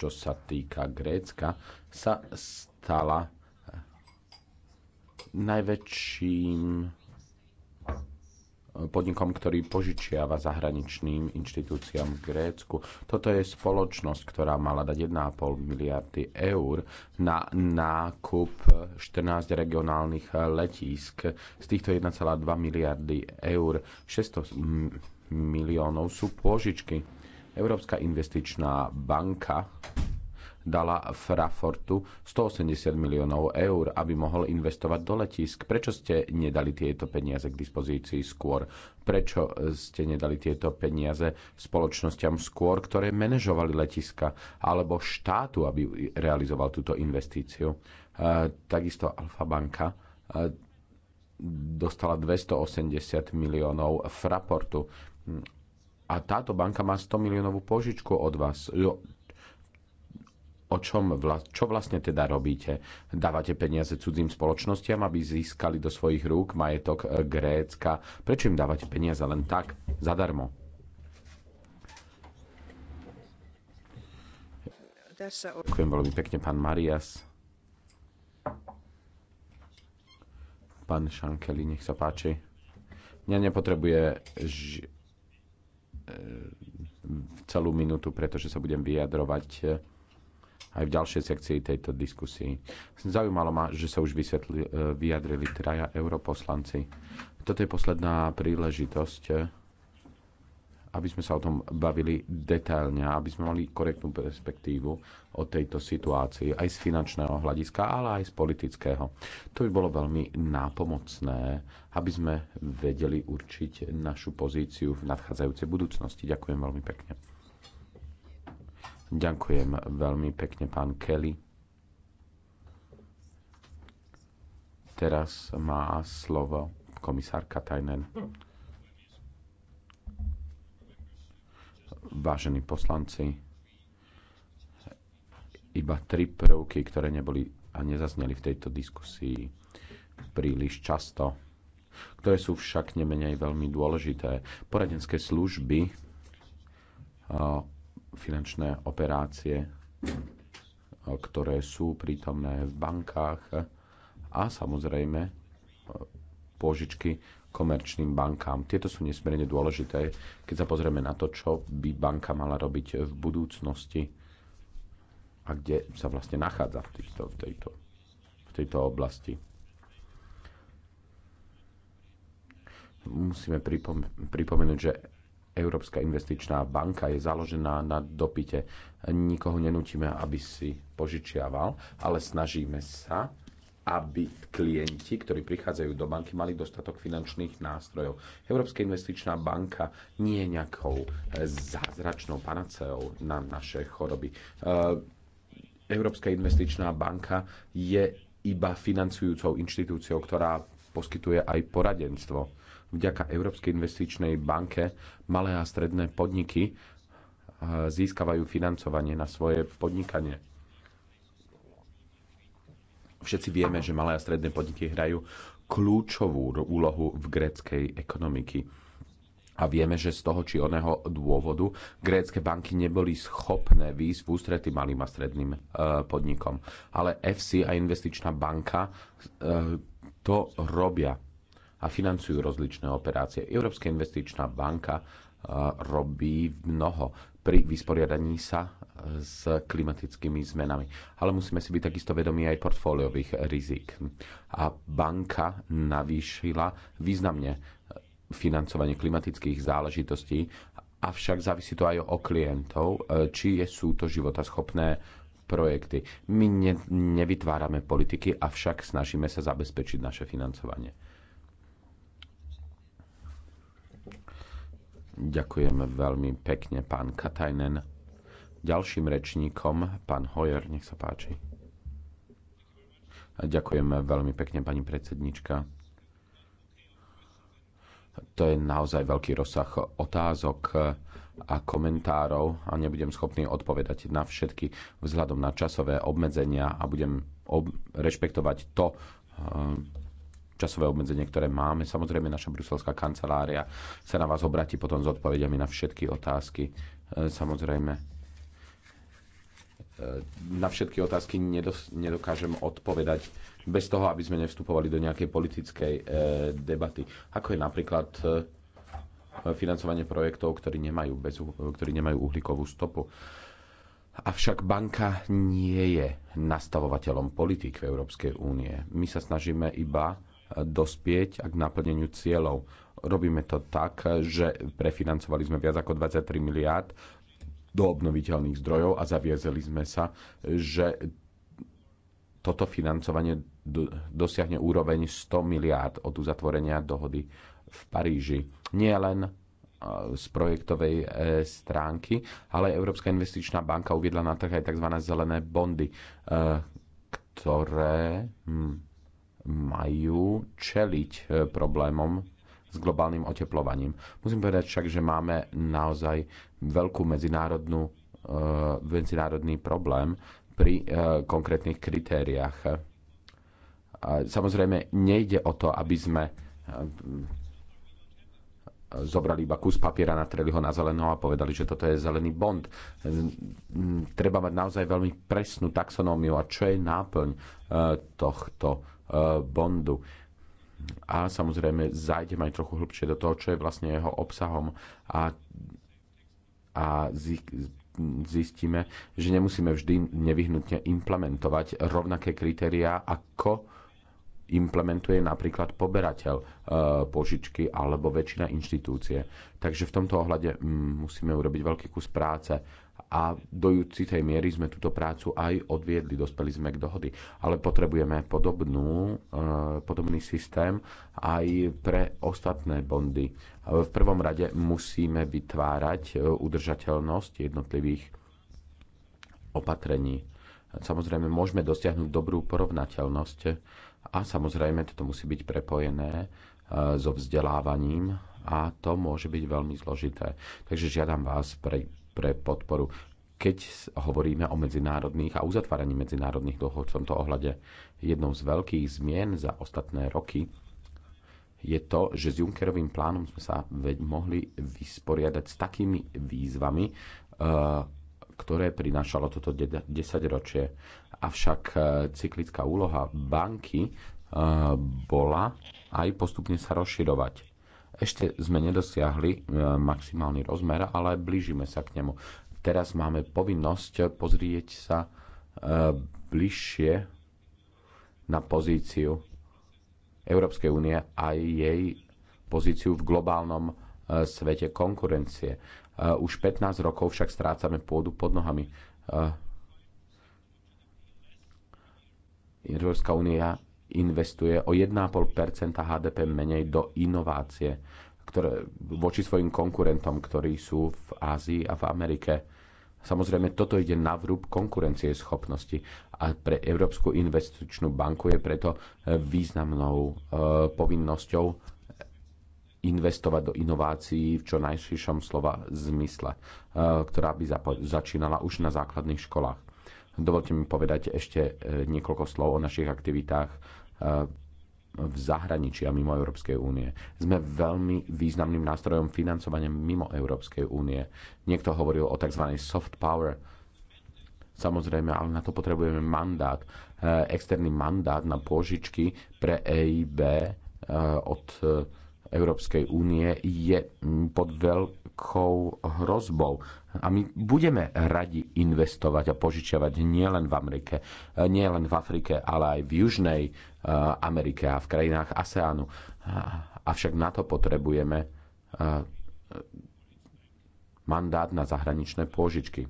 čo sa týka Grécka, sa stala najväčším podnikom, ktorý požičiava zahraničným inštitúciám v Grécku. Toto je spoločnosť, ktorá mala dať 1,5 miliardy eur na nákup 14 regionálnych letísk. Z týchto 1,2 miliardy eur 600 miliónov sú pôžičky. Európska investičná banka dala Frafortu 180 miliónov eur, aby mohol investovať do letísk. Prečo ste nedali tieto peniaze k dispozícii skôr? Prečo ste nedali tieto peniaze spoločnosťam skôr, ktoré manažovali letiska, alebo štátu, aby realizoval túto investíciu? E, takisto Alfa Banka e, dostala 280 miliónov Fraportu a táto banka má 100 miliónovú požičku od vás o čom vla, čo vlastne teda robíte. Dávate peniaze cudzím spoločnostiam, aby získali do svojich rúk majetok eh, Grécka. Prečo im dávate peniaze len tak, zadarmo? Ďakujem veľmi pekne, pán Marias. Pán Šankeli, nech sa páči. Mňa nepotrebuje ž... Eh, celú minútu, pretože sa budem vyjadrovať eh, aj v ďalšej sekcii tejto diskusii. Zaujímalo ma, že sa už vysvetli, e, vyjadrili traja europoslanci. Toto je posledná príležitosť, e, aby sme sa o tom bavili detailne, aby sme mali korektnú perspektívu o tejto situácii, aj z finančného hľadiska, ale aj z politického. To by bolo veľmi nápomocné, aby sme vedeli určiť našu pozíciu v nadchádzajúcej budúcnosti. Ďakujem veľmi pekne. Ďakujem veľmi pekne, pán Kelly. Teraz má slovo komisár Katajnen. Vážení poslanci, iba tri prvky, ktoré neboli a nezazneli v tejto diskusii príliš často, ktoré sú však nemenej veľmi dôležité. Poradenské služby finančné operácie, ktoré sú prítomné v bankách a samozrejme pôžičky komerčným bankám. Tieto sú nesmierne dôležité, keď sa pozrieme na to, čo by banka mala robiť v budúcnosti a kde sa vlastne nachádza v tejto, v tejto, v tejto oblasti. Musíme pripom- pripomenúť, že Európska investičná banka je založená na dopite. Nikoho nenútime, aby si požičiaval, ale snažíme sa, aby klienti, ktorí prichádzajú do banky, mali dostatok finančných nástrojov. Európska investičná banka nie je nejakou e, zázračnou panaceou na naše choroby. E, Európska investičná banka je iba financujúcou inštitúciou, ktorá poskytuje aj poradenstvo vďaka Európskej investičnej banke malé a stredné podniky eh, získavajú financovanie na svoje podnikanie. Všetci vieme, že malé a stredné podniky hrajú kľúčovú úlohu v gréckej ekonomiky. A vieme, že z toho či oného dôvodu grécké banky neboli schopné výjsť v ústrety malým a stredným eh, podnikom. Ale FC a investičná banka eh, to robia a financujú rozličné operácie. Európska investičná banka e, robí mnoho pri vysporiadaní sa e, s klimatickými zmenami. Ale musíme si byť takisto vedomí aj portfóliových rizik. A banka navýšila významne e, financovanie klimatických záležitostí, avšak závisí to aj o klientov, či sú to schopné projekty. My ne, nevytvárame politiky, avšak snažíme sa zabezpečiť naše financovanie. Ďakujeme veľmi pekne, pán Katajnen. Ďalším rečníkom, pán Hojer, nech sa páči. Ďakujeme veľmi pekne, pani predsednička. To je naozaj veľký rozsah otázok a komentárov a nebudem schopný odpovedať na všetky vzhľadom na časové obmedzenia a budem ob- rešpektovať to, časové obmedzenie, ktoré máme. Samozrejme, naša bruselská kancelária sa na vás obratí potom s odpovediami na všetky otázky. E, samozrejme, e, na všetky otázky nedokážem odpovedať bez toho, aby sme nevstupovali do nejakej politickej e, debaty. Ako je napríklad financovanie projektov, ktorí nemajú, bez, ktorí nemajú uhlíkovú stopu. Avšak banka nie je nastavovateľom politík v Európskej únie. My sa snažíme iba dospieť k naplneniu cieľov. Robíme to tak, že prefinancovali sme viac ako 23 miliárd do obnoviteľných zdrojov a zaviezeli sme sa, že toto financovanie dosiahne úroveň 100 miliárd od uzatvorenia dohody v Paríži. Nie len e, z projektovej e, stránky, ale Európska investičná banka uviedla na trh aj tzv. zelené bondy, e, ktoré hm, majú čeliť e, problémom s globálnym oteplovaním. Musím povedať však, že máme naozaj veľkú medzinárodnú, e, medzinárodný problém pri e, konkrétnych kritériách. Samozrejme, nejde o to, aby sme zobrali iba kus papiera, natreli ho na zeleno a povedali, že toto je zelený bond. Treba mať naozaj veľmi presnú taxonómiu a čo je náplň tohto Bondu. A samozrejme zajdem aj trochu hĺbšie do toho, čo je vlastne jeho obsahom a, a zistíme, že nemusíme vždy nevyhnutne implementovať rovnaké kritériá ako implementuje napríklad poberateľ e, požičky alebo väčšina inštitúcie. Takže v tomto ohľade mm, musíme urobiť veľký kus práce a do určitej miery sme túto prácu aj odviedli, dospeli sme k dohody. Ale potrebujeme podobnú, e, podobný systém aj pre ostatné bondy. V prvom rade musíme vytvárať e, udržateľnosť jednotlivých opatrení. Samozrejme, môžeme dosiahnuť dobrú porovnateľnosť, a samozrejme, toto musí byť prepojené e, so vzdelávaním a to môže byť veľmi zložité. Takže žiadam vás pre, pre podporu. Keď hovoríme o medzinárodných a uzatváraní medzinárodných dohod v tomto ohľade, jednou z veľkých zmien za ostatné roky je to, že s Junckerovým plánom sme sa mohli vysporiadať s takými výzvami, e, ktoré prinášalo toto 10 ročie. Avšak e, cyklická úloha banky e, bola aj postupne sa rozširovať. Ešte sme nedosiahli e, maximálny rozmer, ale blížime sa k nemu. Teraz máme povinnosť pozrieť sa bližšie na pozíciu Európskej únie a jej pozíciu v globálnom svete konkurencie. Eh, už 15 rokov však strácame pôdu pod nohami. Eh, Európska únia investuje o 1,5 HDP menej do inovácie ktoré, voči svojim konkurentom, ktorí sú v Ázii a v Amerike. Samozrejme, toto ide na vrúb konkurencie schopnosti a pre Európsku investičnú banku je preto eh, významnou e, povinnosťou investovať do inovácií v čo najširšom slova zmysle, eh, ktorá by začínala už na základných školách. Dovolte mi povedať ešte eh, niekoľko slov o našich aktivitách eh, v zahraničí a mimo Európskej únie. Sme veľmi významným nástrojom financovania mimo Európskej únie. Niekto hovoril o tzv. soft power. Samozrejme, ale na to potrebujeme mandát, externý mandát na pôžičky pre EIB od Európskej únie je pod veľkou hrozbou. A my budeme radi investovať a požičiavať nielen v Amerike, nielen v Afrike, ale aj v Južnej eh, Amerike a v krajinách ASEANu. Avšak na to potrebujeme eh, mandát na zahraničné pôžičky.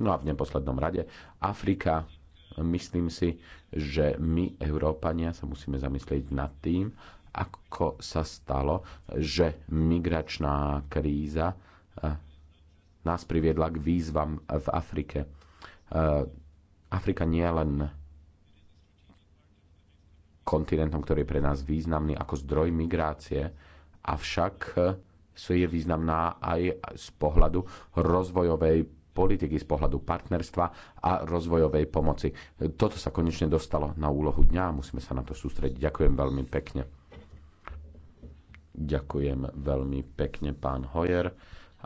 No a v neposlednom rade Afrika myslím si, že my, Európania, sa musíme zamyslieť nad tým, ako sa stalo, že migračná kríza eh, nás priviedla k výzvam v Afrike. Eh, Afrika nie je len kontinentom, ktorý je pre nás významný ako zdroj migrácie, avšak eh, je významná aj z pohľadu rozvojovej politiky, z pohľadu partnerstva a rozvojovej pomoci. Toto sa konečne dostalo na úlohu dňa a musíme sa na to sústrediť. Ďakujem veľmi pekne. Ďakujem veľmi pekne, pán Hojer.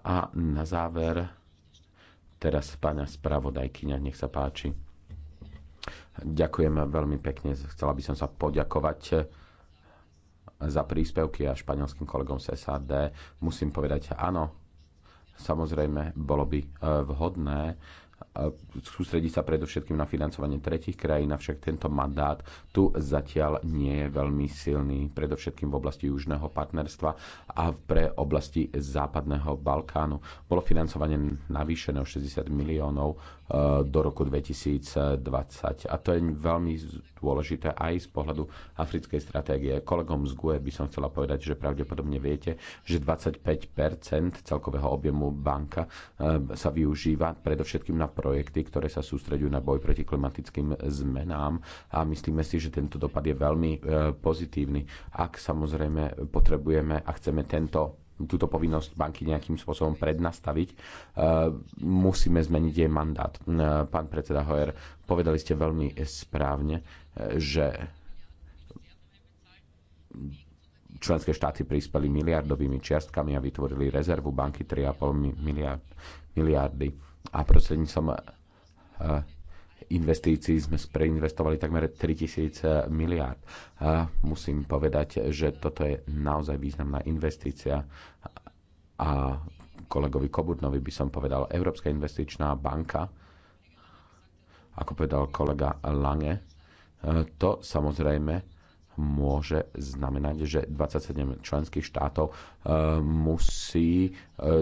A na záver teraz pána spravodajkyňa, nech sa páči. Ďakujem veľmi pekne. Chcela by som sa poďakovať za príspevky a španielským kolegom z SAD. Musím povedať, áno, samozrejme, bolo by eh, vhodné, sústrediť sa predovšetkým na financovanie tretich krajín, avšak tento mandát tu zatiaľ nie je veľmi silný, predovšetkým v oblasti južného partnerstva a pre oblasti západného Balkánu. Bolo financovanie navýšené o 60 miliónov e, do roku 2020 a to je veľmi dôležité aj z pohľadu africkej stratégie. Kolegom z GUE by som chcela povedať, že pravdepodobne viete, že 25% celkového objemu banka e, sa využíva predovšetkým na projekty, ktoré sa sústredujú na boj proti klimatickým zmenám a myslíme si, že tento dopad je veľmi e, pozitívny. Ak samozrejme potrebujeme a chceme tento túto povinnosť banky nejakým spôsobom prednastaviť, e, musíme zmeniť jej mandát. E, pán predseda Hoer, povedali ste veľmi správne, že členské štáty prispeli miliardovými čiastkami a vytvorili rezervu banky 3,5 miliard, miliardy a prostredníctvom eh, investícií sme preinvestovali takmer 3000 eh, miliárd. Eh, musím povedať, že toto je naozaj významná investícia a kolegovi Kobudnovi by som povedal Európska investičná banka, ako povedal kolega Lange, to samozrejme môže znamenať, že 27 členských štátov e, musí e,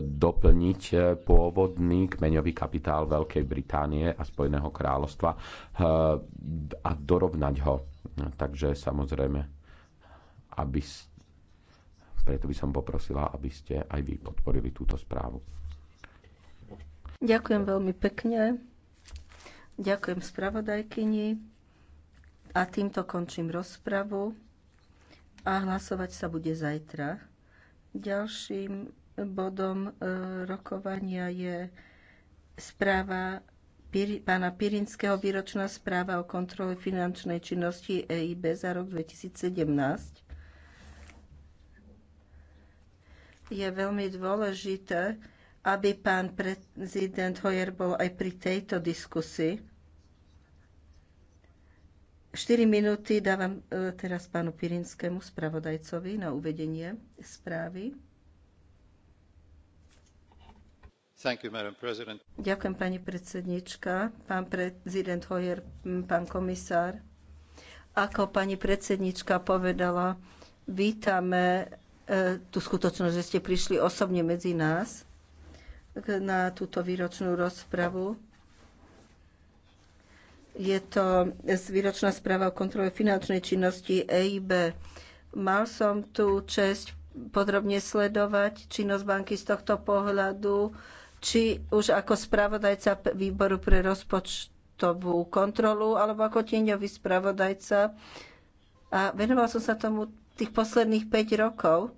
doplniť e, pôvodný kmeňový kapitál Veľkej Británie a Spojeného kráľovstva a dorovnať ho. Takže samozrejme, aby preto by som poprosila, aby ste aj vy podporili túto správu. Ďakujem veľmi pekne. Ďakujem spravodajkyni. A týmto končím rozpravu a hlasovať sa bude zajtra. Ďalším bodom e, rokovania je správa pána Pirinského výročná správa o kontrole finančnej činnosti EIB za rok 2017. je veľmi dôležité, aby pán prezident Hoyer bol aj pri tejto diskusii. 4 minúty dávam e, teraz pánu Pirinskému spravodajcovi na uvedenie správy. You, Ďakujem, pani predsednička, pán prezident Hoyer, pán komisár. Ako pani predsednička povedala, vítame e, tú skutočnosť, že ste prišli osobne medzi nás na túto výročnú rozpravu je to výročná správa o kontrole finančnej činnosti EIB. Mal som tú čest podrobne sledovať činnosť banky z tohto pohľadu, či už ako spravodajca výboru pre rozpočtovú kontrolu, alebo ako tieňový spravodajca. A venoval som sa tomu tých posledných 5 rokov.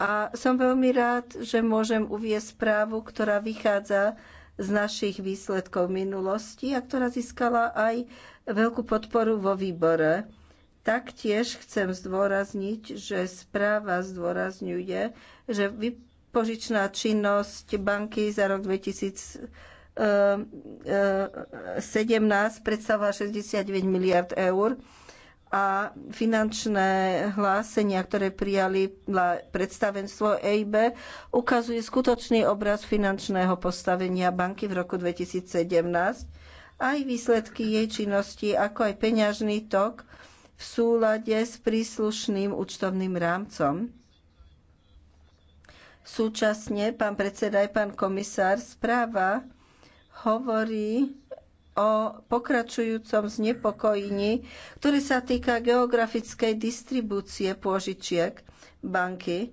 A som veľmi rád, že môžem uvieť správu, ktorá vychádza z našich výsledkov minulosti a ktorá získala aj veľkú podporu vo výbore. Taktiež chcem zdôrazniť, že správa zdôrazňuje, že vypožičná činnosť banky za rok 2017 e, e, predstavovala 69 miliard eur a finančné hlásenia, ktoré prijali predstavenstvo EIB, ukazuje skutočný obraz finančného postavenia banky v roku 2017, aj výsledky jej činnosti, ako aj peňažný tok v súlade s príslušným účtovným rámcom. Súčasne, pán predseda aj pán komisár, správa hovorí o pokračujúcom znepokojení, ktorý sa týka geografickej distribúcie pôžičiek banky.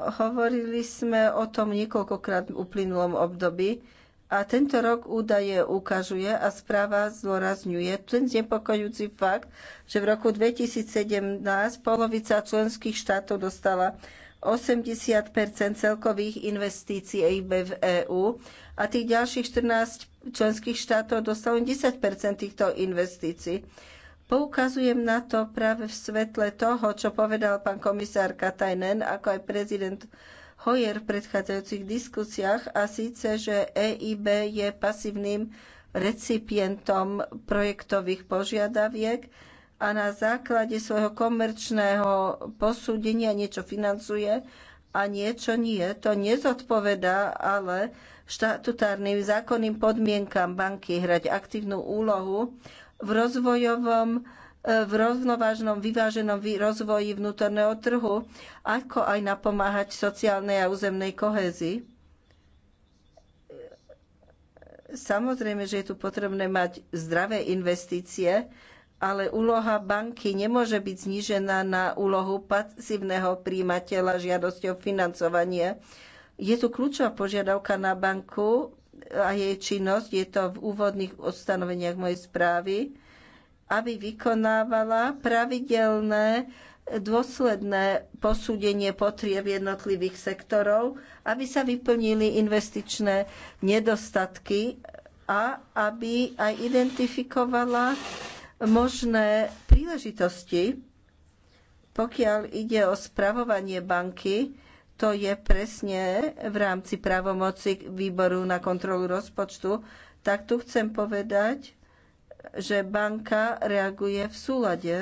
Hovorili sme o tom niekoľkokrát v uplynulom období a tento rok údaje ukazuje a správa zdôrazňuje ten znepokojujúci fakt, že v roku 2017 polovica členských štátov dostala 80 celkových investícií EIB v EÚ a tých ďalších 14 členských štátov dostalo 10 týchto investícií. Poukazujem na to práve v svetle toho, čo povedal pán komisár Katajnen, ako aj prezident Hoyer v predchádzajúcich diskusiách, a síce, že EIB je pasívnym recipientom projektových požiadaviek, a na základe svojho komerčného posúdenia niečo financuje a niečo nie. To nezodpovedá ale štatutárnym zákonným podmienkam banky hrať aktívnu úlohu v rozvojovom e, v rovnovážnom, vyváženom rozvoji vnútorného trhu, ako aj napomáhať sociálnej a územnej kohézii. Samozrejme, že je tu potrebné mať zdravé investície, ale úloha banky nemôže byť znížená na úlohu pasívneho príjimateľa žiadosti o financovanie. Je tu kľúčová požiadavka na banku a jej činnosť, je to v úvodných ustanoveniach mojej správy, aby vykonávala pravidelné dôsledné posúdenie potrieb jednotlivých sektorov, aby sa vyplnili investičné nedostatky a aby aj identifikovala možné príležitosti. Pokiaľ ide o spravovanie banky, to je presne v rámci právomoci výboru na kontrolu rozpočtu, tak tu chcem povedať, že banka reaguje v súlade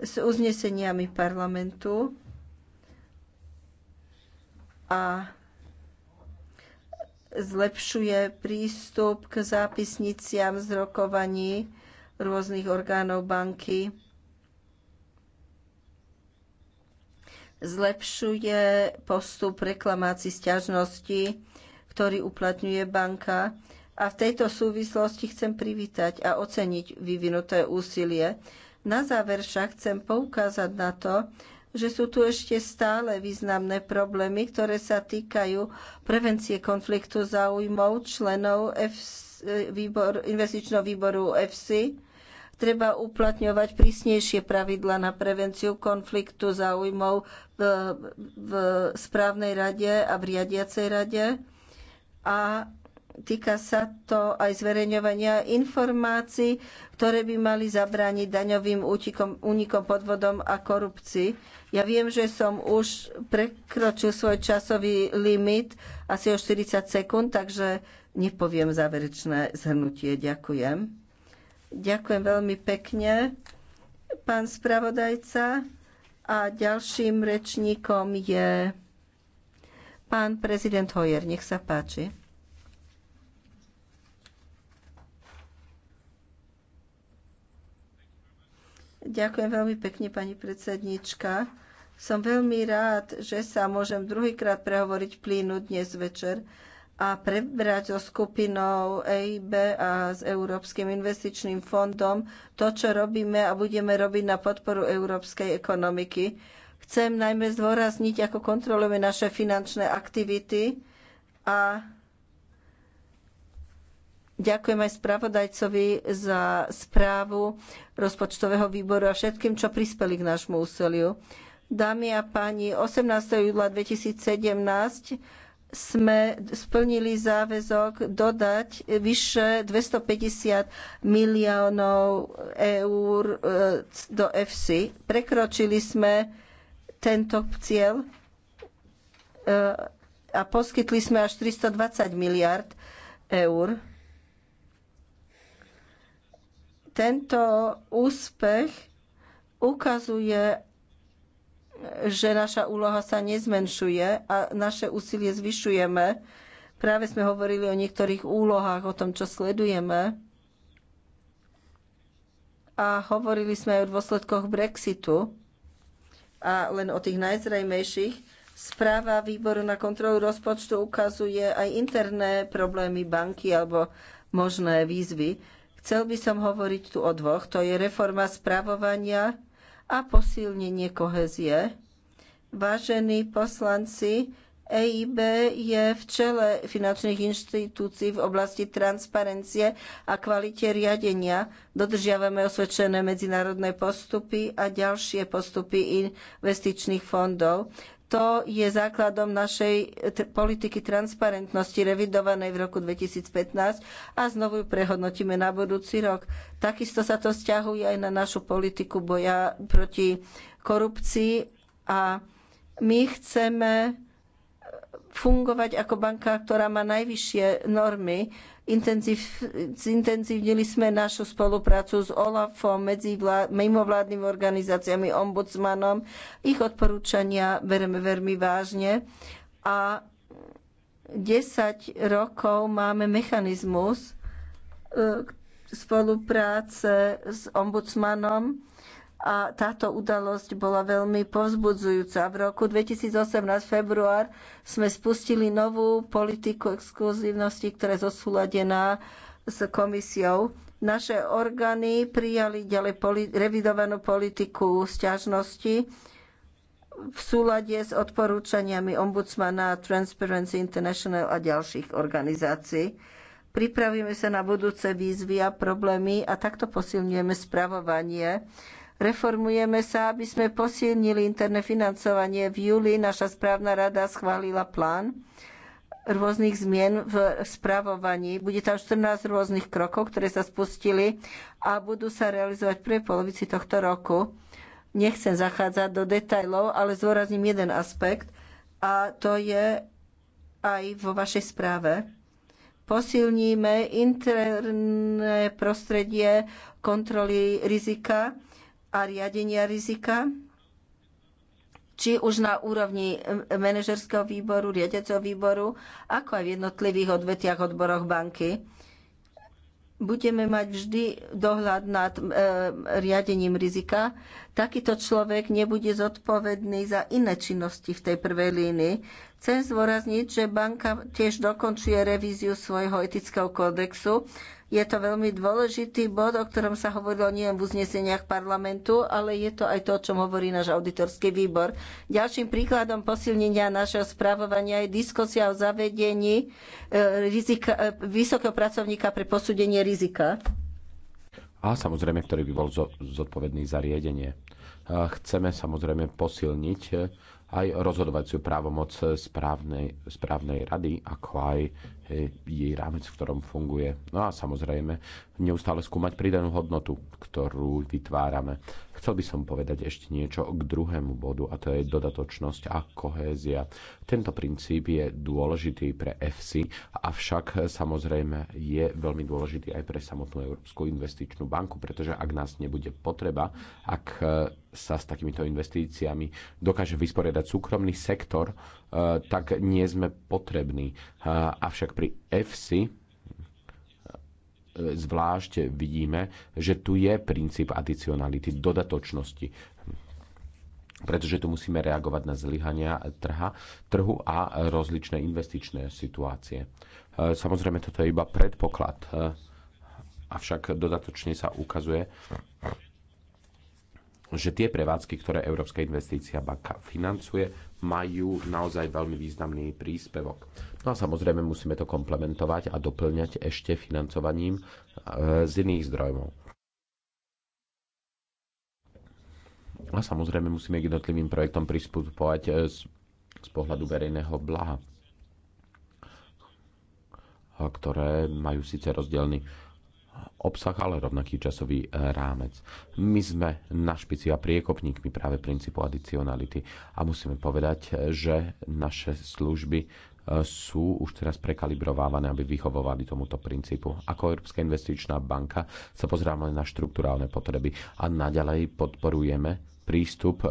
s uzneseniami parlamentu a zlepšuje prístup k zápisniciam z rokovaní rôznych orgánov banky. Zlepšuje postup reklamácií stiažnosti, ktorý uplatňuje banka. A v tejto súvislosti chcem privítať a oceniť vyvinuté úsilie. Na záver však chcem poukázať na to, že sú tu ešte stále významné problémy, ktoré sa týkajú prevencie konfliktu záujmov členov F- e, výbor, investičného výboru EFSI Treba uplatňovať prísnejšie pravidla na prevenciu konfliktu záujmov v, v správnej rade a v riadiacej rade. A týka sa to aj zverejňovania informácií, ktoré by mali zabrániť daňovým útikom, únikom, podvodom a korupcii. Ja viem, že som už prekročil svoj časový limit asi o 40 sekúnd, takže nepoviem záverečné zhrnutie. Ďakujem. Ďakujem veľmi pekne, pán spravodajca. A ďalším rečníkom je pán prezident Hojer. Nech sa páči. Ďakujem veľmi pekne, pani predsednička. Som veľmi rád, že sa môžem druhýkrát prehovoriť plínu dnes večer a prebrať so skupinou EIB a s Európskym investičným fondom to, čo robíme a budeme robiť na podporu európskej ekonomiky. Chcem najmä zdôrazniť, ako kontrolujeme naše finančné aktivity a ďakujem aj spravodajcovi za správu rozpočtového výboru a všetkým, čo prispeli k nášmu úsiliu. Dámy a páni, 18. júla 2017 sme splnili záväzok dodať vyše 250 miliónov eur e, do EFSI. Prekročili sme tento cieľ e, a poskytli sme až 320 miliard eur. Tento úspech ukazuje že naša úloha sa nezmenšuje a naše úsilie zvyšujeme. Práve sme hovorili o niektorých úlohách, o tom, čo sledujeme. A hovorili sme aj o dôsledkoch Brexitu a len o tých najzrejmejších. Správa výboru na kontrolu rozpočtu ukazuje aj interné problémy banky alebo možné výzvy. Chcel by som hovoriť tu o dvoch. To je reforma správovania a posilnenie kohezie. Vážení poslanci, EIB je v čele finančných inštitúcií v oblasti transparencie a kvalite riadenia. Dodržiavame osvedčené medzinárodné postupy a ďalšie postupy investičných fondov to je základom našej politiky transparentnosti revidovanej v roku 2015 a znovu ju prehodnotíme na budúci rok. Takisto sa to vzťahuje aj na našu politiku boja proti korupcii a my chceme fungovať ako banka, ktorá má najvyššie normy. Intenzív, zintenzívnili sme našu spoluprácu s OLAFom, medzi vlád, mimovládnymi organizáciami, ombudsmanom. Ich odporúčania bereme veľmi vážne. A 10 rokov máme mechanizmus e, spolupráce s ombudsmanom, a táto udalosť bola veľmi povzbudzujúca. V roku 2018 február sme spustili novú politiku exkluzívnosti, ktorá je zosúladená s komisiou. Naše orgány prijali ďalej poli- revidovanú politiku sťažnosti v súlade s odporúčaniami ombudsmana Transparency International a ďalších organizácií. Pripravíme sa na budúce výzvy a problémy a takto posilňujeme spravovanie Reformujeme sa, aby sme posilnili interné financovanie. V júli naša správna rada schválila plán rôznych zmien v spravovaní. Bude tam 14 rôznych krokov, ktoré sa spustili a budú sa realizovať pre polovici tohto roku. Nechcem zachádzať do detajlov, ale zdôrazním jeden aspekt a to je aj vo vašej správe posilníme interné prostredie kontroly rizika a riadenia rizika, či už na úrovni manažerského výboru, riadiaceho výboru, ako aj v jednotlivých odvetiach odboroch banky. Budeme mať vždy dohľad nad e, riadením rizika. Takýto človek nebude zodpovedný za iné činnosti v tej prvej línii. Chcem zdôrazniť, že banka tiež dokončuje revíziu svojho etického kódexu, je to veľmi dôležitý bod, o ktorom sa hovorilo nie v uzneseniach parlamentu, ale je to aj to, o čom hovorí náš auditorský výbor. Ďalším príkladom posilnenia našeho správovania je diskusia o zavedení e, rizika, e, vysokého pracovníka pre posúdenie rizika. A samozrejme, ktorý by bol zodpovedný za riadenie. Chceme samozrejme posilniť e, aj rozhodovaciu právomoc správnej, správnej rady, ako aj jej rámec, v ktorom funguje. No a samozrejme, neustále skúmať pridanú hodnotu, ktorú vytvárame. Chcel by som povedať ešte niečo k druhému bodu, a to je dodatočnosť a kohézia. Tento princíp je dôležitý pre EFSI, avšak samozrejme je veľmi dôležitý aj pre samotnú Európsku investičnú banku, pretože ak nás nebude potreba, ak sa s takýmito investíciami dokáže vysporiadať súkromný sektor, E, tak nie sme potrební. E, avšak pri EFSI zvlášť vidíme, že tu je princíp adicionality, dodatočnosti pretože tu musíme reagovať na zlyhania trha, trhu a rozličné investičné situácie. E, samozrejme, toto je iba predpoklad, avšak dodatočne sa ukazuje, že tie prevádzky, ktoré Európska investícia banka financuje, majú naozaj veľmi významný príspevok. No a samozrejme musíme to komplementovať a doplňať ešte financovaním e, z iných zdrojov. A samozrejme musíme k jednotlivým projektom prispôsobovať e, z, z pohľadu verejného blaha, ktoré majú síce rozdielny obsah, ale rovnaký časový e, rámec. My sme na špici a priekopníkmi práve princípu adicionality a musíme povedať, e, že naše služby e, sú už teraz prekalibrované, aby vychovovali tomuto princípu. Ako Európska investičná banka sa pozeráme na štruktúrálne potreby a naďalej podporujeme prístup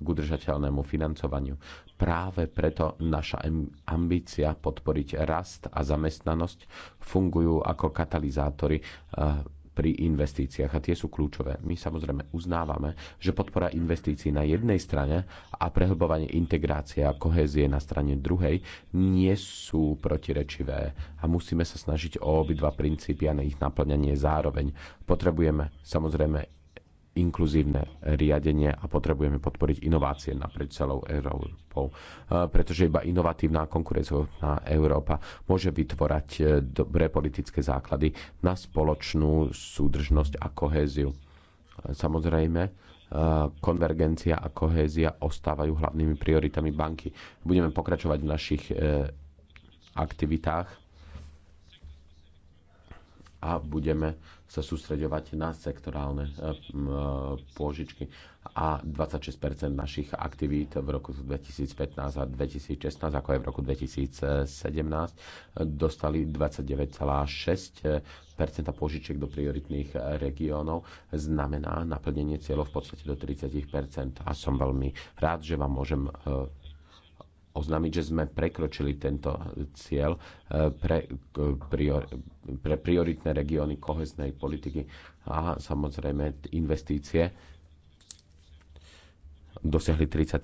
k udržateľnému financovaniu. Práve preto naša ambícia podporiť rast a zamestnanosť fungujú ako katalizátory eh, pri investíciách a tie sú kľúčové. My samozrejme uznávame, že podpora investícií na jednej strane a prehlbovanie integrácie a kohézie na strane druhej nie sú protirečivé a musíme sa snažiť o obidva princípy a na ich naplňanie zároveň. Potrebujeme samozrejme inkluzívne riadenie a potrebujeme podporiť inovácie naprieč celou Európou. Eh, pretože iba inovatívna konkurencovná Európa môže vytvorať eh, dobré politické základy na spoločnú súdržnosť a kohéziu. Samozrejme, eh, konvergencia a kohézia ostávajú hlavnými prioritami banky. Budeme pokračovať v našich aktivitách a budeme sa sústreďovať na sektorálne eh, eh, pôžičky a 26 našich aktivít v roku 2015 a 2016, ako aj v roku 2017, eh, dostali 29,6 percenta požičiek do prioritných regiónov znamená naplnenie cieľov v podstate do 30 A som veľmi rád, že vám môžem oznámiť, že sme prekročili tento cieľ eh, pre, prior, pre prioritné regióny koheznej politiky a samozrejme investície dosiahli 33